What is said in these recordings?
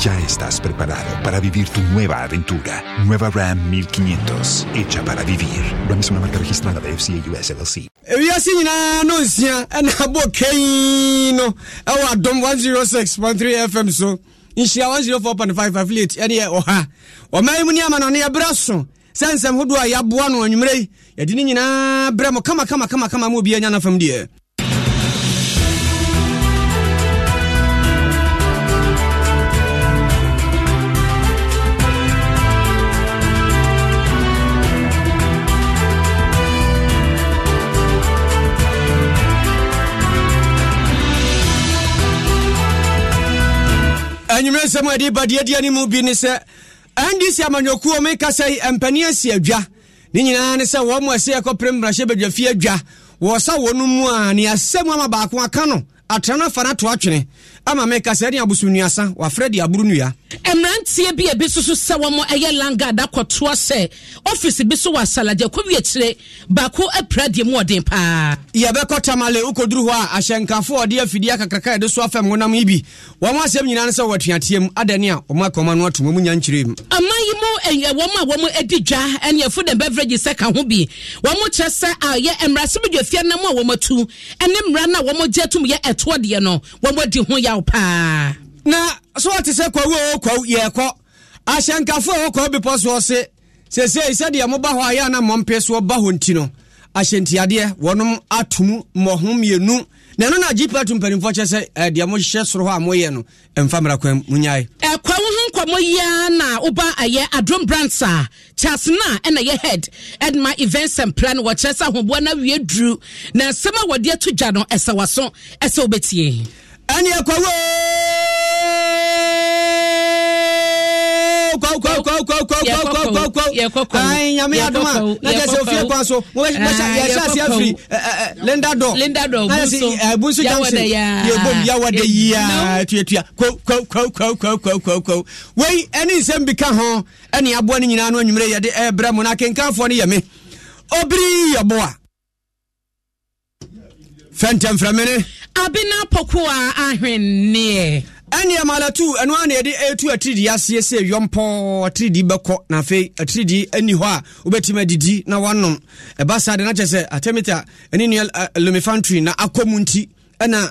Ya estás preparado para vivir tu nueva aventura. Nueva Ram 1500, hecha para vivir. Ram es una marca registrada de FCA US LLC. ewiase eh, nyinaa no nsia ɛna eh, abɔ kai no ɛwɔ adom 106.3 fm so nhyira 104.5 affiliate ɛne yɛ ɔha ɔma yi mu ne ama no ne yɛbrɛ so sɛ nsɛm em, hodoɔ a yɛaboa no anwummerɛ yi yɛde ne nyinaa mo kama kama kama kama ma obi anya no fam deɛ anwummerɛ nsɛm a ɛde badeɛdeɛ no mu bi ne sɛ ndc amannwɔkuo meka sɛ mpani asi adwa ne nyinaa ne sɛ wɔn mu ɛsɛ yɛkɔpere mmarahyɛ badwafie adwa wɔ sa wɔ no mu a ne asɛm ama baako aka no atra no afa no ato atwene ama meka sɛ ne abosonuasa wafrɛ de aboro nnua mmeranteɛ bi a bi soso sɛ wɔn ɛyɛ langard akɔtoa sɛ ɔfisi bi so wɔ asalagya kɔbi akyire baako apira deɛ mu ɔden paa. yɛbɛkɔ tamale wokɔduru hɔ a ahyɛnkafo ɔde afidie akakraka yɛde so afam honam yi bi wɔn asɛm nyinaa sɛ wɔatuateɛ mu adane a wɔn akɔma no ato mu nya nkyerɛ mu. aman yi mu ɛyɛ wɔn a wɔn adi dwa ɛne ɛfu dɛm beverages sɛ ka ho bi wɔn kyerɛ sɛ a yɛ mmeransɛmdwafia nam a wɔn atu a wɔn na so ɔte sɛ kwawu a ɔkwaw yɛkɔ ahyɛnkafo a ɔkɔ bepɔ soɔ se sesei sɛdeɛ moba hɔ na soɔ ba hɔ nti no ahyɛntiadeɛ wɔnom atom mmɔho mmienu na ɛno na gpa to mpanimfoɔ kyɛ sɛ deɛ mohyɛ soro hɔ a moyɛ no ɛmfa mmara kwan ho nkɔmmɔ na woba adrom brants a charles na ɛna yɛ head edma events and plan wɔkyerɛ sɛ ahoboa awie duru na nsɛm a wɔde ato gya no ɛsɛ so ɛsɛ kɔ kɔ kɔ kɔ kɔ kɔ kɔ yɛ kɔ kɔ ayi nyame aduma n'a jɛ se o fiye kwan so mo bɛ yɛ sɛ se afiri ɛɛ linda dɔ linda dɔ bunso ɛɛ bunso jansi yɛ bom yawɔ de yia tuyatua ko ko ko ko ko ko ko ko wei ɛni nsɛm bi ka ho ɛni aboa ni nyinaa no enyimire yɛ de ɛɛbrɛ mu na kenkanfoɔ ni yɛ mi obiri yɛ bo a fɛntɛnfɛmini. abina pokuwa ahwenneɛ ɛne malatu ɛno a na yɛde ɛtu atiridi aseɛ sɛ yɔmpɔn atiridi bɛkɔ na afei atiridi ani hɔ a wobɛtumi adidi na woanom ɛba saa de na kyɛ sɛ atemita ɛne nua lomifantry na akɔ mu nti ɛna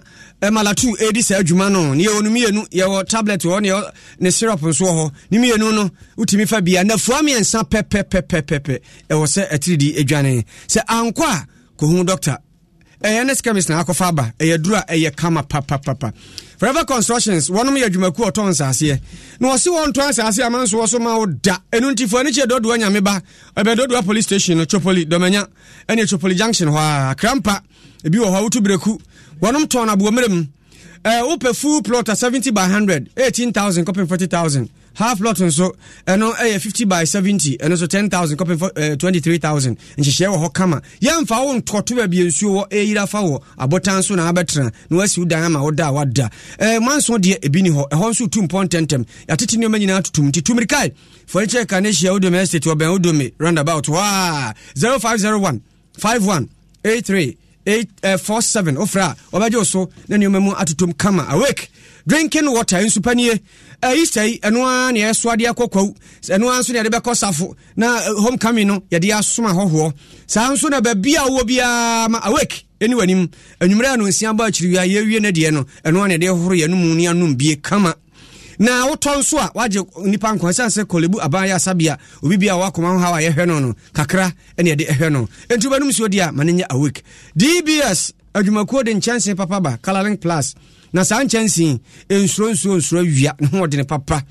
malatu ɛdi saa adwuma no ne yɛwɔ no mmienu yɛwɔ tablet hɔ ne ne syrup nso hɔ ne mmienu no wotumi fa bia nafua mmiɛnsa pɛpɛpɛpɛpɛ ɛwɔ sɛ atiridi adwane sɛ ankɔ a kɔhu doctor ɛyɛ ne sika misina akɔfa aba ɛyɛ duro a ɛyɛ kama papapapa forever constructions wɔnom yɛ adwumaku ɔtɔ nsaseɛ na wɔse wɔntɔ nsaseɛ ama nso wɔ so ma wo da ɛno nti fo ani kyerɛ dɔdoa nyame ba ɛbɛ dɔdoa police station no chopoli dɔmanya ɛne chopoli junction hɔ a krampa ebi wɔ hɔ wotu berɛku wɔnom tɔn aboɔmmerɛ mu wopɛ full plot 70 by 100 18000 kɔpem 40000 half lot nso ɛno ɛyɛ 50 by 70 ɛno so 10000 kɔpem for eh, 23000 nhyehyɛ wɔ hɔ kama yɛmfa wo ntɔto baabi nsuo wɔ ɛyira fa wɔ abotan so na abɛtena na wasi wo dan ama woda a wada eh, manso deɛ ebi ni hɔ ɛhɔ nso tu mpɔ ntɛmtɛm yɛatete nneɔma nyinaa totom nti tumirikae fɔnikyɛ ka ne hyia wodome estate wɔbɛn wodome roundabout hɔ eh, a 0501 51 83 847 wofrɛ a wɔbɛgye wo so na nneɔma mu atotom kama awake drinking water nsupa nie easter yi ɛno ara na yɛso adeɛ kɔ kwawu nso na yɛde bɛkɔ safo na eh, home coming no yɛde asoma hɔhoɔ saa nso na baabi a wɔ biara ma awake ɛni w'anim anwummerɛ a no nsia ba akyiri wie a yɛwie no deɛ no ɛno ara na yɛde horo yɛn mu ne bie kama na wotɔ nso a wagye nipa nkwa ɛsiane sɛ kɔlebu aban yɛ asabea obi bi a wakoma ho haw a yɛhwɛ no no kakra ɛne yɛde ɛhwɛ no ɛnti wobɛnom suo deɛ a ma no nyɛ awake dbs adwumakuo de nkyɛnse papa ba colorling plus na saa nkyɛnse nsuro nsuro nsuro awia na wɔde ne papa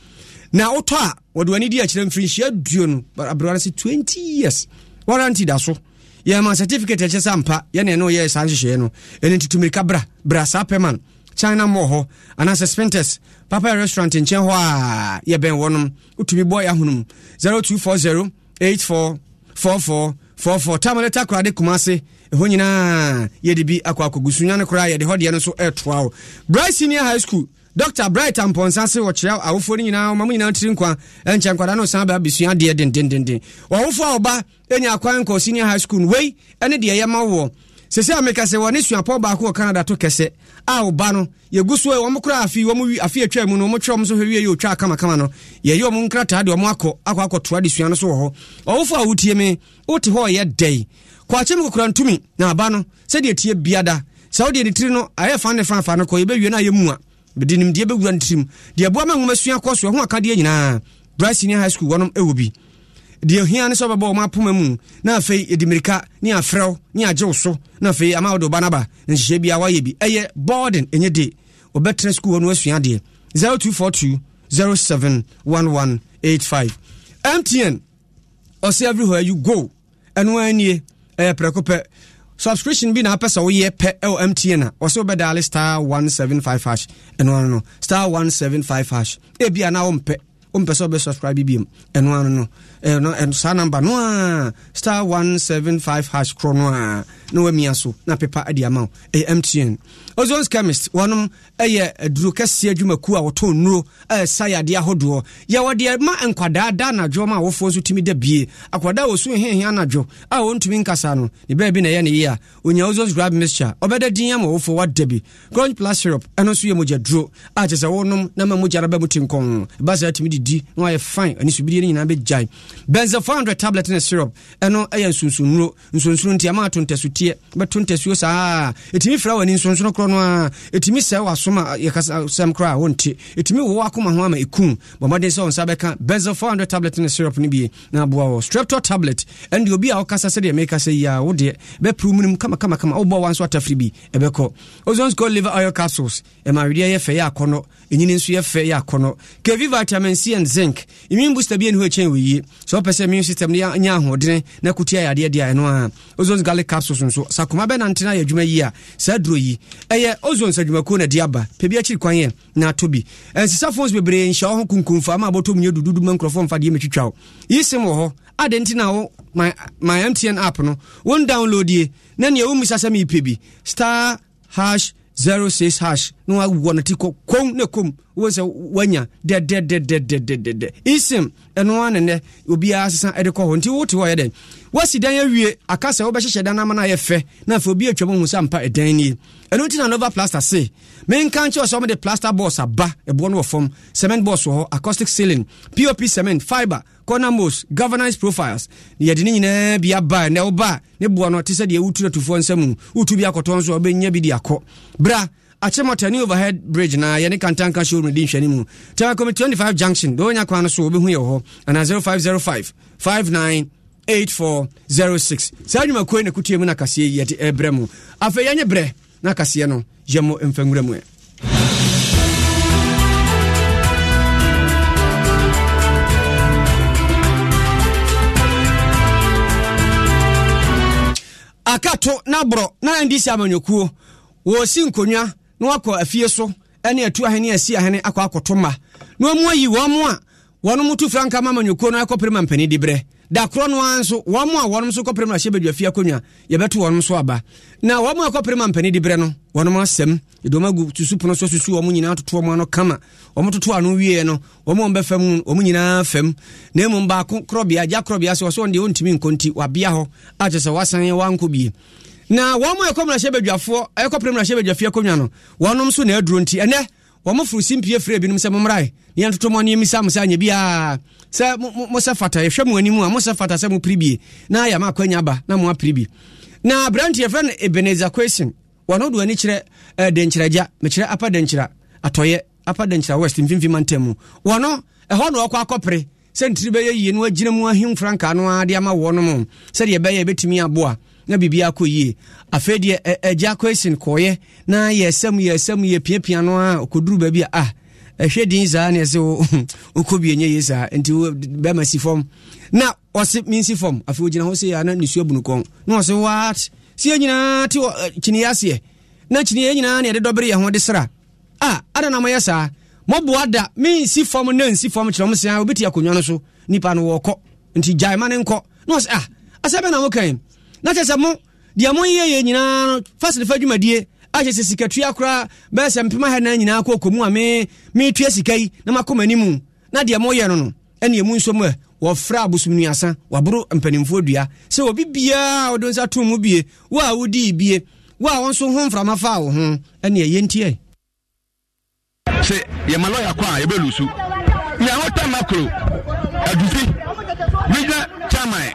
na wotɔ a wɔde w'ani di akyerɛ mfirinhyia duo no aberɛwara sɛ 20 years warranty da so yɛma certificate ɛkyɛ sɛ ampa yɛne ɛne ɔyɛɛ saa nhyehyɛeɛ no ɛno nti tumirika bra bra saa pɛ ma no china mɔ hɔ anaasɛ spintes papa yɛ restaurant nkyɛn hɔ a yɛbɛn wɔnom wotumi bɔ yɛahonom 0240 844444 tamale takorade kuma ase ɛhɔ nyinaa yɛde bi akɔ akɔgu so nya no koraa yɛde hɔ deɛ no nso ɛtoa wo bright senior high school dr bright ampɔnsa se wɔkyerɛ awofoɔ no nyinaa ɔma mo nyinaa tiri nkwa ɛnkyɛ nkwada no san bɛabɛsua adeɛ dendendenden wɔwofoɔ a ɔba ɛnya akwan nkɔ senior high school no wei ɛne deɛ yɛma woɔ sɛsɛ a meka sɛ wɔne suapɔ baako wɔ canada to kɛsɛ a woba no yɛgu so wɔm kora afi wɔm afi atwa mu no wɔmtwerɛ m so hwɛ wie yɛ ɔtwa kamakama no yɛyɛ ɔm nkrataa de ɔm akɔ akɔ akɔtoa de sua no so wɔ hɔ ɔwofoɔ a wotie me wote hɔ ɔyɛ dɛi kɔakye mu kokura ntumi na aba no sɛdeɛ tie biada sɛ wodeɛ ne tiri no ayɛ fa ne fafa no kɔ yɛbɛwie no ayɛ mu a mede nimdeɛ bɛwura no tirim deɛ boa ma nwoma sua kɔ so ɛho akadeɛ nyinaa bright senior high school wɔnom ɛwɔ bi deɛ hia ne sɛ wobɛbɔ wɔn apoma mu na afei yɛde mmirika ne afrɛw ne agyew so na afei ama wode woba no aba na nhyehyɛ bia woayɛ bi ɛyɛ borden ɛnyɛ de wɔbɛtena school hɔ no asua adeɛ 0242 mtn ɔsɛ everywhere you go ɛno ara nie ɛyɛ prɛko pɛ subscription bi na apɛ sɛ woyɛ pɛ ɛwɔ mtn a wɔsɛ wobɛdaale star 175 hash ɛno ano no star 175 hash ebia na wompɛ wompɛ sɛ wobɛ subscribe bi biom ɛno ano no Eh, eh, saa namber no a star 175 hash korɔ no a na wamia so na pepa adi ama wo ɛyɛ eh, mtn ozones chemist wɔnom ɛyɛ aduro kɛseɛ adwumaku a wɔtɔn nnuro ɛɛsa yadeɛ ahodoɔ yɛwɔ deɛ ma nkwadaa da anadwo ma awofoɔ nso tumi da bie akwadaa wɔ so hehia anadwo a wɔntumi nkasa no ne baabi na ɛyɛ ne yie a onya ozones grab mixture ɔbɛda din ama awofoɔ wada bi grunge plus syrup ɛno nso yɛ mogya duro a kyɛ sɛ wonom na ma mogya no bɛ mu te ɛba saa tumi didi na wayɛ fine ani subidie no nyinaa bɛgyae benzel 400 tablet ne syrup ɛno ɛyɛ nsonsonnuro nsonsono nti ama ato ntasuteɛ bɛto ntasuo saa ɛtumi fra w'ani nsonsono korɔ no a ɛtumi sɛ wasoma yɛkasɛm koraa wonte ɛtumi wowɔ akoma ho ama ɛkum bɔ sɛ wo nsa bɛka benzel 400 tablet ne syrup no bie na aboa wɔ streptor tablet ɛnde obi a wokasa sɛdeɛ mekasa yi a wodeɛ bɛpiriw munom kamakamakama wobɔ wa nso atafiri bi ɛbɛkɔ ozonsco liver oil capsules ɛmawedeɛ yɛ fɛ yɛ akɔnɔ ɛnyini nso yɛ fɛ yɛ akɔnɔ kv vitamin c and zinc immune booster bi ɛne ho ɛkyɛn wɔ yie sɛ wopɛ sɛ immune system no nyɛ ahoɔdene na kotia yɛadeɛ deɛ ɛno a ozons garlic capsules nso sakoma bɛnante no ayɛ adwuma yi a saa duro yi ɛyɛ ozons adwumakuo na de aba pɛ bi akyiri kwan yɛ na atɔ bi ɛnsisa phones bebree nhyɛ wo ho kunkumfa ama bɔtɔ mu nyɛ dududu ma nkurɔfoɔ mfa deɛ mɛtwitwa wo yi sem wɔ hɔ ade nti na wo my, my mtn app no wo download ye na neɛ wo mmisa sɛ meepɛ bi star hash Zero six hash na wawɔ no ti kɔ kom ne kom wo sɛ woanya dɛdɛdɛdɛdɛdɛdɛ isim ɛno a nenɛ obiara sesa ɛde kɔ hɔ nti wote hɔ yɛ dɛn wasi dan awie aka sɛ wobɛhyehyɛ dan ama no ayɛ fɛ na afei obi atwa mu hu sɛ ampa ɛdan nie ɛno nti na nova plaster se menka nkyerɛ sɛ wɔmde plaster boards aba ɛboɔ no wɔ fam cement boards wɔ hɔ acoustic ceiling pop cement fiber corner governance profiles yɛde ne nyinaa bi aba na ɛwoba ne boɔ no te sɛ deɛ wotu atufoɔ nsa mu wotu bi akɔtɔ nso a wobɛnya bi de akɔ bra akyemɔta overhead bridge na yɛne kantanka showroom de nhwɛne mu tamakomi 25 junction deɛ wonya kwan no so wobɛhu yɛ wɔ hɔ anaa 0505 59 8406 saa nnwumakuo na kutie mu eh, no akaseɛ yɛde ɛbrɛ mu afei yɛnyɛ berɛ na akaseɛ no yɛmmɔ mfa nwura mu ɛ akato na borɔ na ɛndi sɛ amanyɔkuo wɔsi nkonnwa na wakɔ afie so ɛne atu ahene asi ahene akɔ akɔto ma na ɔmu ayi wɔn mu a wɔn mu tu franka ma amanyɔkuo no akɔpere ma mpani di berɛ da korɔ no ara nso wɔn a wɔn nso kɔpere mu ahyɛ badwa fie akonnwa yɛbɛto wɔn nso aba na wɔn a kɔpere mu ampanin di brɛ no wɔn asɛm yɛde gu agu susu pono so susu wɔn nyinaa toto wɔn ano kama wɔn toto ano wie no wɔn a wɔn bɛfam mu wɔn nyinaa fam na emu baako korɔbea agya korɔbea so wɔsɛ wɔn deɛ wɔntumi nkonti nti wabea hɔ a kyerɛ sɛ wasan wankɔ bie na wɔn a ɛkɔ mu ahyɛ badwafoɔ ɛkɔpere mu ahyɛ badwa fie akonnwa no wɔn nso na aduro nti ɛnɛ wɔn furu simpie fre ebinom sɛ momrae ne yɛntoto mu ɔne yɛmisa mo sɛ anyɛ biara sɛ mosɛ fata yɛhwɛ mo anim a mosɛ fata sɛ mopere bie na yɛ ma akwanya ba na moapere bi na aberante yɛfrɛ no ebenezer question wɔno de ani kyerɛ eh, denkyerɛgya mekyerɛ apa denkyera atɔyɛ apa denkyera west mfimfima ntam mu wɔno ɛhɔ na ɔkɔ akɔpere sɛ ntiri bɛyɛ yie no agyina mu ahim franka no a de ama wɔ no mu sɛdeɛ ɛbɛyɛ ɛbɛtumi aboa na biribi akɔ yie afei deɛ agya question kɔɔyɛ na yɛsɛm yɛsɛm yɛpiapia no a ɔkɔduru baabi a ah ɛhwɛ din saa ne ɛsɛ wokɔ bi ɛnyɛ ye saa nti bɛma si fam na ɔse mensi fam afei ogyina hɔ sɛ ana nesu abunu kɔn na ɔse wat sie nyinaa te eh, kyiniɛ aseɛ na kyiniɛ nyinaa ne yɛde dɔbere yɛ ho de sra a ada na moyɛ saa mɔboa da mensi fam na nsi fam kyerɛ m sea wobɛti akonnwa no so nipa no wɔkɔ nti gyae ma ne nkɔ na ɔse a ah, asɛ bɛ na mokan na kyɛ sɛ mo deɛ moyɛyɛ nyinaa no fa sere fa dwumadie ahyɛ sɛ sikatua koraa bɛɛ sɛ mpem ahɛnan nyinaa kɔ kɔmu a me metua sika yi na makɔ m'ani mu na deɛ moyɛ no no ɛne ɛmu nso mu ɛ wɔfrɛ abosomnuasa waboro mpanimfoɔ dua sɛ obi biaa wode nsa to mu bie wo a wodii bie wo a wo nso ho mframa faa wo ho ɛne ɛyɛ sɛ yɛma lɔya kɔ a yɛbɛlu so nyɛ hotama koro adufi regional chairman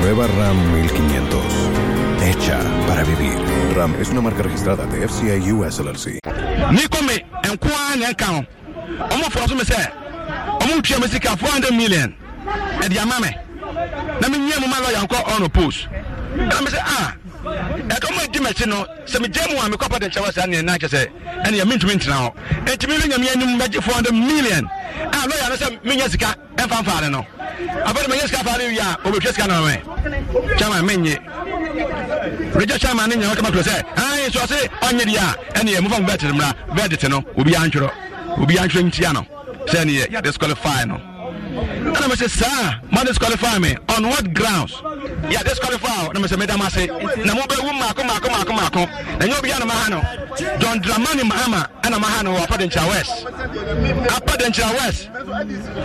Nueva RAM 1500. Hecha para vivir. RAM es una marca registrada de FCI US LLC. Nikome, en Kwan, en Kaon. Omo Fosu me se. Omo Chia Messica, 400 million. And Yamame. Let me hear my lawyer and on a post. me ah. ɛka mu adi mɛsi no sɛ megya mu a mekɔ apata nkyɛ wɔ saa neɛ na kyɛ sɛ ɛneɛ mentumi ntena hɔ ɛnti mene nyame anim mɛgye hundred million a lɔya no sɛ menya sika ɛmfamfaa ne no abɛde menya sika faa no wie a ɔbɛtwa sika no mɛ kyama menye regya ni ne nyɛ wɔkama kuro sɛ ae so ɔse ɔnyɛ deɛ a ɛneɛ mofa mu bɛtere mmra bɛdete no Obi obiaa ntwerɔ obiaa ntwerɔ ntia no sɛ ɛneɛ yɛdisqualify no ɛna mɛsɛ saa ma disqualify me on what grounds yɛ disqualify na mɛsɛ mɛdam ase na ko ma ko ma ko. na bi ya na ma hano. john dramani mahama ana ma hano wa apa denkyira west apa denkyira west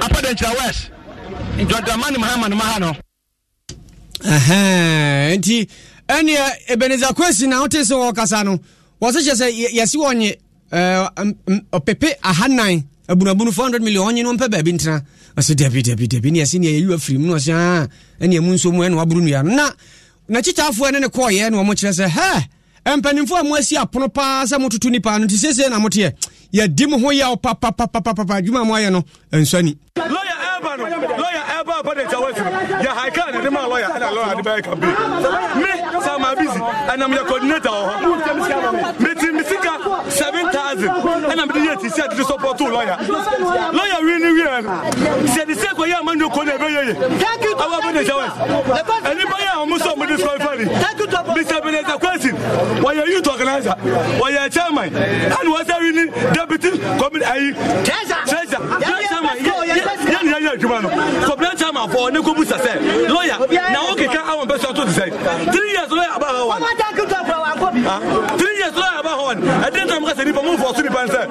apa denkyira west john dramani mahama na no maha no nti ɛneɛ ebeneza kwesi na wote sɛ wɔkasa no wɔse kyɛ sɛ yɛse wɔnye eh, pepe ahanan abunabunu 400 million ɔnye no mpe ba bi ntana ɔsɛ dabi dabi dabi ne yɛsɛ neɛ yɛyiwa firi mu no ɔsɛ aa eh, mu nso mu ɛne waboro nnua no na nakyitaafoɔ ne ne kɔɔyɛ ne ɔmo sɛ hɛ mpanimfoɔ a mo asi apono paa sɛ mototo nipa no nti seesei na moteɛ yɛdi mo ho yaw papapapapapa adwuma a mo ayɛ no ɛnsani ɛba no lɔya ɛba apɔde ta wasu yɛ haika ne de ma lɔya ɛna lɔya de bɛyɛ kampe me sama bisi ɛnam yɛ coordinator wɔ hɔ oh. meti mi sika seven thousand ɛna mede yɛ ti sɛ de de support to lɔya lɔya wi ni wi ɛn sɛ de sɛ kɔ yɛ ama ne ko na ɛbɛyɛ ye awa apɔde ta wasu ɛnipa yɛ a wɔn sɔ wɔn de sɔ ifa ni mr benedict question wɔyɛ youth organizer wɔyɛ chairman ɛna wɔsɛ wi ni deputy community ayi treasure treasure chairman yɛ yɛ yɛ yɛ adwuma no kɔpila chairman fɔ ne ko busa sɛ na o keka awon bɛ sɔn to ti sɛ three years lɔya aba wa three years lɔya aba wa ɛdi n tɛmɛ ka sɛ nipa mun fɔ su nipa sɛ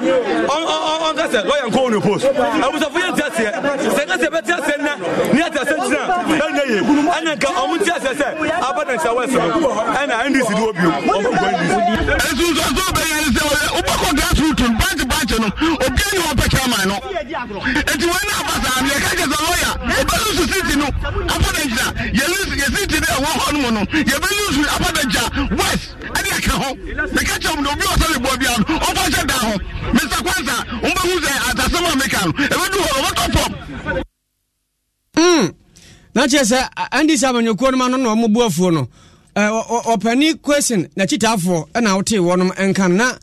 ɔn ka sɛ lɔya nko ne post abusafo yɛ tia seɛ sɛ ka sɛ bɛ tia seɛ na ni yɛ tia seɛ tina ɛn ne ye ɛn nka ɔmu tia seɛ sɛ aba na nsa wɛ sɛbɛ ɛn na ndc di o bi o ɔmu gbɔ ndc. no obi ni wọn pẹ chairman no eti wọn náà fa saa yẹ káàkiri sọ ọba lùsù síìtì no afọdẹ̀jìnà yẹ lùsù yẹ síìtì ní ẹ̀wọ̀n hàn mu no yẹ west ẹni ẹ̀ka ho mẹ kẹ́kẹ́ mu obi ọ̀sẹ̀ lè ọbi àná ọba ọ̀sẹ̀ da ho mr kwanza n bẹ hu sẹ àtàsẹ́mọ̀ mẹ́ka no du hɔ ọba tọ̀ pọ̀. na kyerɛ sɛ andi sɛ amanyakuo no ma no na ɔmobu afuo no ɔpani question nakyitaafoɔ ɛna wotee wɔnom ɛnka no na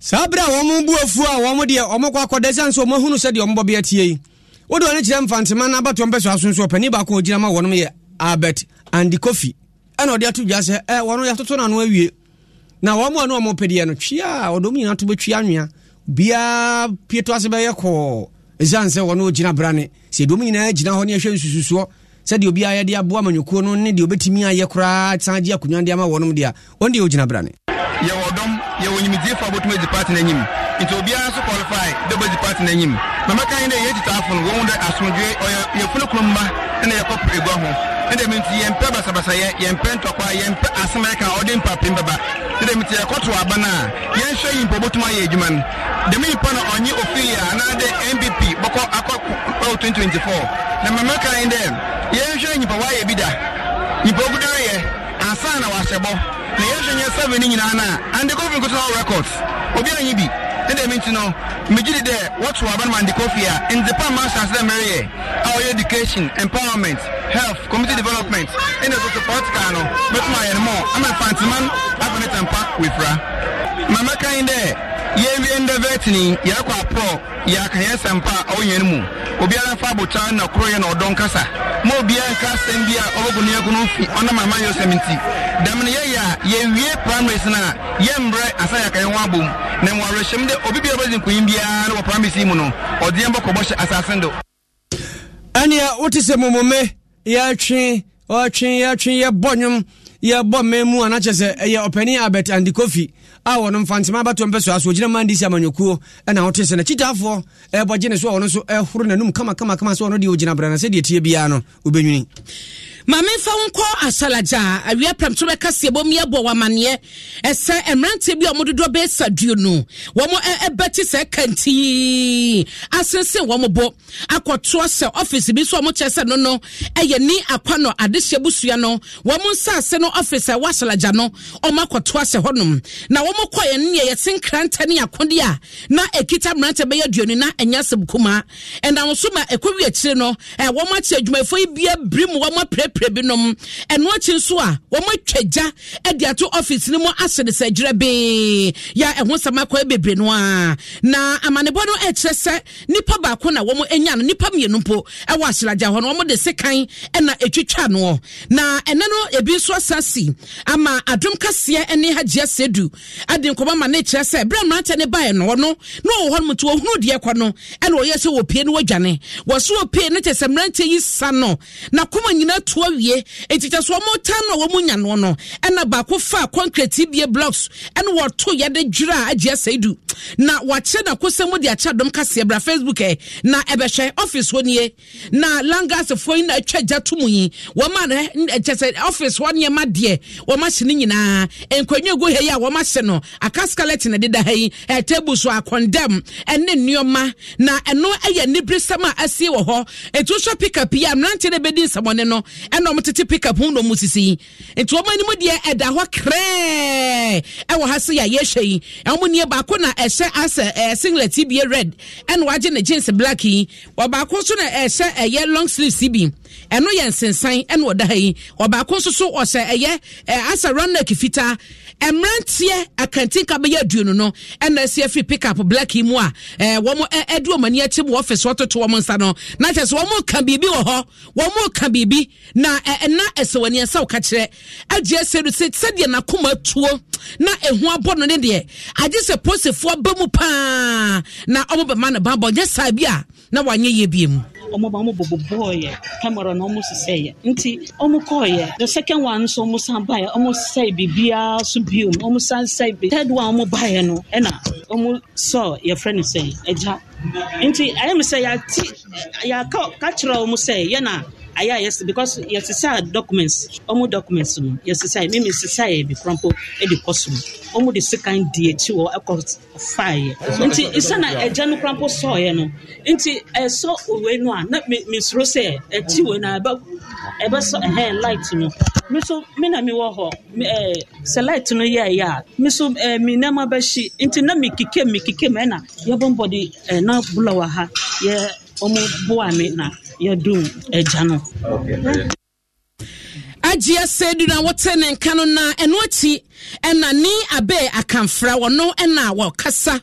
saa berɛ a wɔn bu afuo a wɔn deɛ wɔn kɔ akɔda sɛ nso wɔn ahunu sɛ deɛ wɔn bɔ bi atie yi wode wɔn kyerɛ mfantema na abatoɔ mpɛ so asonso baako a ogyina ma wɔn yɛ albert andy kofi ɛna ɔde ato dwa sɛ ɛ wɔn yɛatoto n'ano awie na wɔn a no wɔn pɛdeɛ no twia a ɔdɔm nyinaa to bɛtwi anwea biaa pieto ase bɛyɛ kɔɔ ɛsiane sɛ wɔn gyina bra ne sɛ dɔm nyinaa gyina hɔ ne ɛhwɛ nsususoɔ sɛdeɛ obiara yɛde aboa amanyɔkuo no ne yɛwɔ nyimdiefoɔ fa bɛtumi adi party no anim nti obiara nso qualify dɛ bɛdi party no anim na mɛka ne dɛ yɛ titaafo no wɔhu dɛ asomdwe ɔyɛ yɛfunu kunu mma ɛna yɛkɔ pregua ho ne dɛm nti yɛmpɛ basabasayɛ yɛmpɛ ntɔkwa yɛmpɛ asɛm ɛka ɔde mpapem bɛba ne dɛm nti yɛkɔto aba no a yɛnhwɛ nyimpa bɛtumi ayɛ adwuma no dɛm nyimpa no ɔnye ofilia anaa dɛ bɔkɔ akɔ 2024 na mamɛka ne dɛ yɛnhwɛ nyimpa wɔayɛ bi da nyimpa ɔgudareyɛ ansa na wɔahyɛ bɔ na yɛhwɛ nyɛ sɛbe no nyinaa no a ande kofi nkoto no records obi anyi bi ne dɛm nti no megye di dɛ wɔto aba no ma ande kofi a ntepa ma ahyɛase dɛ mereyɛ a ɔyɛ education empowerment health community development ɛne soso political no mɛtumi ayɛ no mɔ ama mfantema afa ne tampa wefira ma mɛkan dɛ yɛnwie ndɛvɛt ni yɛakɔ aprɔ yɛakayɛ sɛmpa a ɔwɔ yɛn mu obiara fa abotwa na koro yɛ na ɔdɔ nkasa ma obiara nka asɛm bi a ɔbɛgu ne yɛkunu fi ɔnam amannyɛ sɛm nti dɛm no yɛyɛ a yɛwie primaries no a yɛmbrɛ asa yɛakayɛ ho abom na mu awerɛhyɛm dɛ obi biara bɛdi nkonyin biara na wɔ primaries yi mu no ɔde yɛn bɔkɔbɔhyɛ asase do ɛnea wote sɛ momome yɛatwe ɔtwe yɛatwe yɛbɔ nwom yɛbɔ me mu anakyɛ sɛ ɛyɛ ɔpani abet andikofi a wɔno mfantema abatoɔ mpɛ so aso ogyina ma ndisi amanwokuo ɛna wote sɛ nakyitaafoɔ ɛbɔgye ne so a wɔno so e ɛhoro n'anom kamakamakama sɛ ɔno deɛ ogyina brana sɛdeɛ tie biara no wobɛnwini maame nfa ho nkɔ asalagya awia pɛmto bɛka seɛ bɔ miabɔ wamanneɛ ɛsɛ mmeranteɛ bi a ɔmo dodoɔ bɛyɛ saduo no wɔn ɛbɛte sɛ kantii asese wɔn bɔ akɔtoɔ sɛ ɔfisi bi nso a ɔmo kyerɛ sɛ no no ɛyɛ ni akɔnɔ adehyɛ busua no wɔn nsaase no ɔfisi ɛwɔ asalagya no ɔmo akɔtoɔ sɛ hɔnom na wɔn kɔ yɛn nea yɛte nkrantɛ ne akɔde a na ekita mmeranteɛ bɛyɛ na ɛnyɛ asɛm ma ɛkɔwi akyire no ɛwɔn akyɛ adwumayɛfoɔ yi bi apira binom ɛno akyi nso a wɔn atwa gya de ato office no mu ahyɛ sɛ bee yɛ ɛho sɛm akɔyɛ bebree no a na amanebɔ no ɛkyerɛ sɛ nipa baako na wɔn anya no nipa mmienu mpo ɛwɔ ahyeragya hɔ no wɔn de sekan ɛna etwitwa noɔ na ɛnɛ no ebi nso asa si ama adum kaseɛ ne hagyia sedu adi nkɔmɔ ma ne kyerɛ sɛ bere mmeranteɛ ne baeɛ no na ɔwɔ hɔ nom nti ɔhunu deɛ kɔ no ɛna ɔyɛ sɛ wɔpie no wɔdwane wɔso wɔpie ne kyerɛ sɛ mmeranteɛ yi sa no na kɔma nyinaa tu so awie enti so wɔn tan no a nya no no ɛna baako fa concrete bie blocks ɛna wɔto yɛ dwira agye asɛe du na wakyɛ na kosɛm de akyɛ dɔm kaseɛ bra facebook ɛ na ɛbɛhwɛ office hɔ nie na langasefoɔ yi na atwa gya to mu yi wɔn a no kyɛ sɛ office hɔ nneɛma deɛ wɔn ahyɛ no nyinaa nkonnwa gu ha yi a wɔn ahyɛ no aka scarlet na deda ha yi ɛ table so akɔndɛm ɛne nneɛma na ɛno yɛ nibirisɛm a asie wɔ hɔ etu sɔ pickup yi a mmeranteɛ no bɛdi nsɛmɔne no ɛna ɔmo tete pickup ho na ɔmo sisi nti ɔmo anim deɛ ɛda hɔ krɛɛ ɛwɔ ha se yɛ yɛhwɛ yi ɔmo nie baako na ɛhyɛ asɛ ɛɛ singlet yi bie red ɛna wagye ne jeans black yi ɔbaako nso na ɛhyɛ ɛyɛ long sleeves yi bi ɛno yɛ nsensan ɛna ɔda ha yi ɔbaako nso so ɔhyɛ ɛyɛ ɛɛ asɛ runneck fitaa mmeranteɛ akantinka bɛyɛ aduonu no ɛna ɛsi afiri pickup black yi mu a ɛɛ eh, wɔn eh, ɛdu wɔn ani akyi mu ɔfis wɔtoto wɔn nsa no na kyerɛ sɛ wɔn ka biribi wɔ hɔ wɔn ka biribi na ɛna eh, ɛsɛ wɔn nsa ɔka kyerɛ agye ɛsɛ do sɛ sɛdeɛ n'akoma atuo na ehu abɔ no ne deɛ agye sɛ posifoɔ bɛ mu paa na wɔn bɛ ma ne ba bɔ nyɛ saa bi a na wɔanyɛ yie bie mu. ɔmo ọmụ ɔmo bɔ bɔbɔɔ yɛ na ɔmo sisɛ yɛ nti ɔmo kɔɔ the second one nso ɔmo san ba yɛ ɔmo sɛ biribiara so biom ɔmo san ibi. bi third one ɔmo ba yɛ no ɛna ɔmo sɔ yɛfrɛ no sɛ ɛgya nti ɛyɛ mi sɛ yɛati yɛaka ka kyerɛ ɔmo sɛ yɛna ayɛ a yɛs because yɛsesaa documents ɔmo documents no yɛsesaa mimi sesaa yɛ bi korampo de kɔ so ɔmo de sekan di akyi wɔ ɛkɔ faeɛ nti ɛsiane agya no korampo sɔɔeɛ no nti ɛsɔ eh, wei no a ah, eh, eh, na mesuro sɛ akyi na no a ɛbɛsɔ ɛhɛn light no me so me na me wɔ hɔ ɛɛ sɛ light no yɛɛyɛ a me so ɛɛ me nneɛma bɛhyi nti na mi kike mi kike mɛ na yɛbɔ mbɔde ɛɛ na bulawa ha yɛ wɔboa me na yɛdum agya no agye asɛ du no a wɔte ne nka no na ɛno akyi ɛna ne abe akamfra wɔno ɛna wɔkasa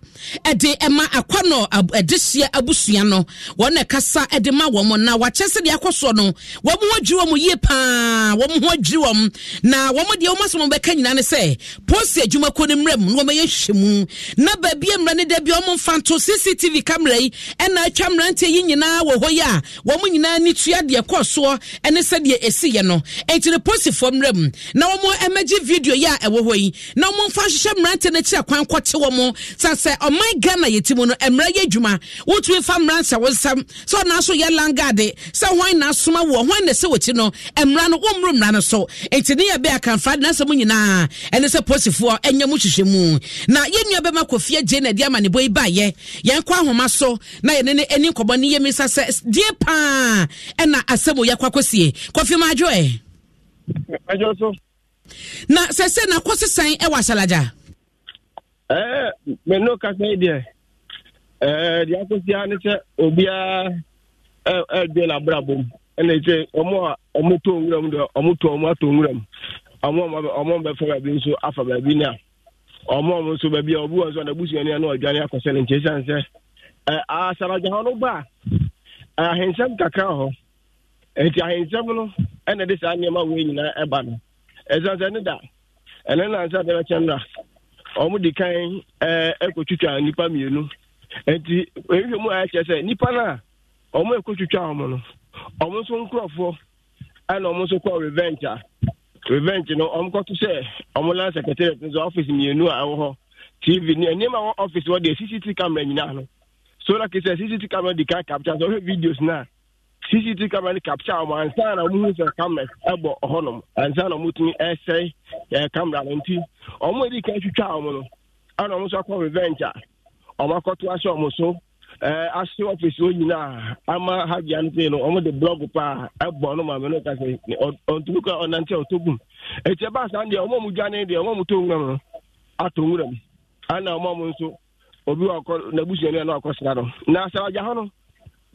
ɛde ɛma akɔnɔ ɛdehyeɛ abusua no wɔn ɛkasa ɛde ma wɔn na wakyɛ sɛdeɛ akɔ soɔ no wɔn ho adwiri wɔn yie paa wɔn ho adwiri wɔn na wɔn deɛ wɔn asɛm bɛka nyinaa ne sɛ polisi adwumakuo no mmerɛ mu na wɔn ayɛ hwɛ mu na baabi mmerɛ ne dɛbi wɔn mfa nto cctv kamera yi ɛna atwa mmeranteɛ yi nyinaa wɔ hɔ yi a wɔn nyinaa ne tua deɛ kɔɔ ɛne sɛdeɛ esi yɛ no ɛnti ne na wɔn ɛmɛgye video yi a wɔ yi na ɔmomfa hyehyɛ mmeranteɛ no akyi akwan kɔkye wɔ mu sa sɛ ɔman ghana yɛti mu no mmerɛ yɛ adwuma wotumi fa mmeransa wo nsɛm sɛ ɔna so yɛ langade sɛ hwan na asoma woɔ hwan na ɛsɛ wɔkyi no mmara no wɔmmoro mmara no so enti ne yɛbɛ akamfa de n'asɛm nyinaa ɛne sɛ posifoɔ ɛnyɛ mu hwehwɛ mu na yɛnnua bɛma kɔfie gye na ɛde ama ne bɔ yi baayɛ yɛnkɔ ahoma so na yɛne ne ani nkɔmmɔ ne yɛmi sa sɛ die paa ɛna asɛm yɛkɔ akɔsie kɔfie ma adwoɛ ɛdwo so na sese na kɔ sesan ɛwɔ e asalagya. ɛɛ eh, mɛnu kasa yi e deɛ ɛɛ eh, deɛ akosia ne sɛ obiara ɛ ɛdwe n'abrabɔ mu ɛna ɛkyɛ wɔn a to nwura mu deɛ to ato nwura mu bɛfa baabi nso afa baabi na wɔn a wɔn nso baabi a na ɛsiane sɛ ne da ɛne nansa deɛ bɛkyɛ no da ɔmo di kan ɛkɔtwitwa eh, nnipa mmienu nti ɛhwɛ mu a ɛkyɛ sɛ n'ipa no ɔmo ɛkɔtwitwa ɔmo no ɔmo nso ɛna ɔmo nso kɔ revenge a revenge no ɔmo kɔto sɛ ɔmo land secretariat mmienu a ɛwɔ hɔ tv ne nneɛma wɔ ɔfis wɔ deɛ camera nyinaa no solar camera di kan capture ɔhwɛ videos cct camera no capture mo ansa na mohu sɛ cameras ɛbɔ hɔnom ansa na motumi ɛsɛe camera no nti ɔmo di ka twitwaa e e e mo no ana ɔmo nso akɔ revenge a ɔmo akɔto ahyɛ ɔmo so ase ɔfisi nyinaa ama habia no no ɔmo paa ɛbɔ maame no ɔntumi kɔ ɔnante a ɔtɔ bum eti ɛbaa saa deɛ ɔmo dwane deɛ ɔmo nwura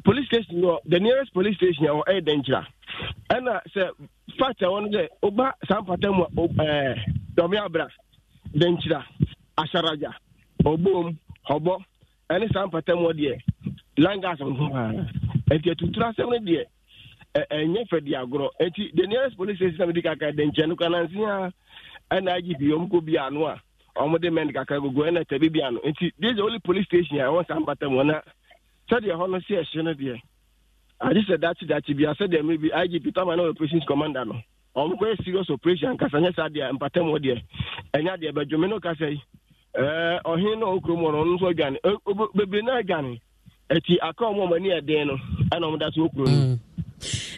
police station no the nearest police station ɛwɔ ɛyɛ dɛnkyira ɛna sɛ fact ɛwɔ no dɛ ɔba saa mpata mu ɛɛ dɔmi abira dɛnkyira asaraja ɔbom ɔbɔ ɛne saa mpata mu deɛ langas nko paa ah. ɛti atuturu asɛm no deɛ ɛnyɛ fɛ agorɔ ɛti the nearest police station na mi di kaka dɛnkyira no kanansia ɛna agp ɔmo ko bi ano a ɔmo de mɛn kakra gogo ɛna tɛbi bi ano nti this is the only police station a ɛwɔ saa mpata mu na. sɛdeɛ hɔ no si ɛhye no deɛ agye sɛ dakye dakye bia sɛdeɛ mebi igp tama na operations commander no ɔmokɔyɛ serious operation ankasa nyɛ saa deɛ mpatam hɔ deɛ ɛnya deɛ bɛdwome no kasa yi ɔhene na ɔkurom hɔ no ɔno nso adwane bebree no adwane ɛti aka ɔmɔ ɔmani ɛden no ɛna ɔmda so ɔkuro mm.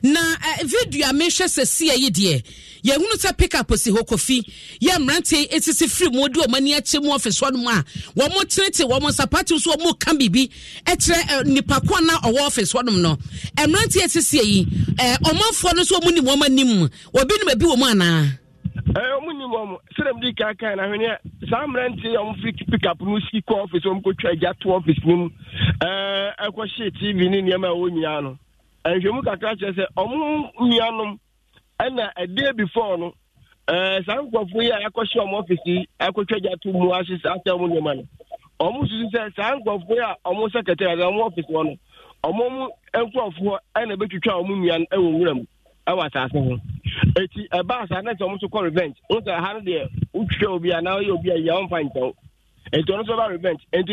na eh, video a mehwɛ sɛ si ayi deɛ yɛhunu sɛ pickup si hɔ kofi yɛ mmeranteɛ esisi firi mu odi wɔn ani akyɛ mu ɔfis hɔ nom a wɔn wɔn nsapati nso wɔn biribi ɛkyerɛ eh, nipa kɔn na ɔwɔ ɔfis hɔ nom no mmeranteɛ esisi ayi ɛɛ eh, ɔmanfoɔ no nso wɔn nim wɔn anim obi nim ebi wɔ anaa. ɛɛ ɔmu nim wɔn sɛdeɛ di kan na hwene saa mmeranteɛ ɔmo firi pickup no si kɔ ɔfis wɔn kɔ twa agya to ɔfis no ɛɛ ɛkɔ hyɛ tv ne nneɛma a wɔn nyinaa no nhwɛmu kakra kyerɛ sɛ ɔmo nnuanom ɛna ɛdeɛ no eh, saa nkurɔfoɔ a yɛakɔhyɛ ɔmo ɔfisi akɔtwa gya to mu ɔmo nneɛma no ɔmo susu a ɔmo sɛkɛtɛrɛ ade ɔmo ɔfisi hɔ no ɔmo mo nkurɔfoɔ ɛna ebetwitwa ɔmo nnua ɛwɔ nwura mu ɛwɔ ho eti ɛbaa saa na ɔmo so kɔ revenge n ha no a na a yia ɔmfa nkyɛw eti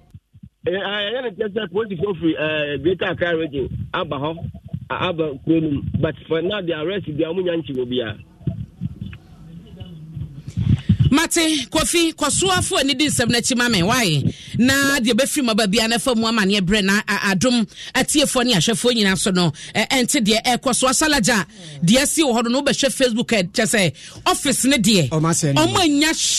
ɛyɛ ne kyerɛ sɛ polisifoɔ firi greater accra region aba hɔ aba kuro no but for now the arrest bia ɔmo nya nkyi wɔ biara mate kofi kɔsoafo ani di nsɛm n'akyi ma me wae na deɛ bɛfiri ma baabia no afa mu amanneɛ berɛ na adom atiefoɔ ne ahwɛfoɔ nyinaa so no ɛnte deɛ ɛkɔ so deɛ si wɔ hɔ no na wobɛhwɛ facebook ɛkyɛ sɛ office no deɛ ɔmo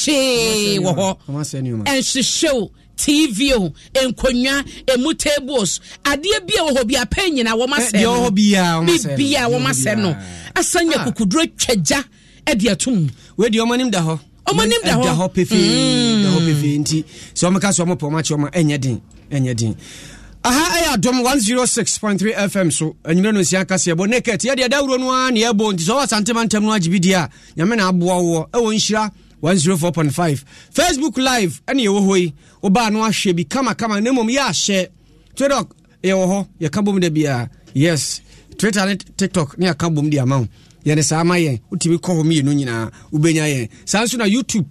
hyee wɔ hɔ tv o nkonnwa emu tables adeɛ bi a wɔhɔ bi apɛ nyina wɔn asɛn eh, no bibi a wɔn asɛn no asan yɛ kukuduro twɛgya ɛde atum. wadi ɔmo anim da hɔ. ɔmo anim da hɔ eh, da hɔ pefee mm. da hɔ pefee nti sɛ ɔmo ka sɛ ɔmo pɔ ɔmo akyɛ ɔmo ɛnyɛ den ɛnyɛ den. aha ɛyɛ adɔm 106.3 fm so anwummerɛ no nsia kaseɛ bɔ nakɛt yɛdeɛ dawuro no a ne ɛbɔ nti sɛ ɔwɔ asantema ntam no agye bi deɛ a nyame na aboa wowɔ eh, ɛwɔ nhyira 104.5 facebook live ɛne yɛwɔ hɔ yi wobaa no ahyɛ bi kamakama na mmom yɛahyɛ twitter yɛwɔ hɔ yɛka bom da biaa yes twitter ne tiktok ne yɛka bom de ama wo yɛne saa ma yɛn wotumi kɔ hɔ mmienu nyinaa wobɛnya yɛn saa nso na youtube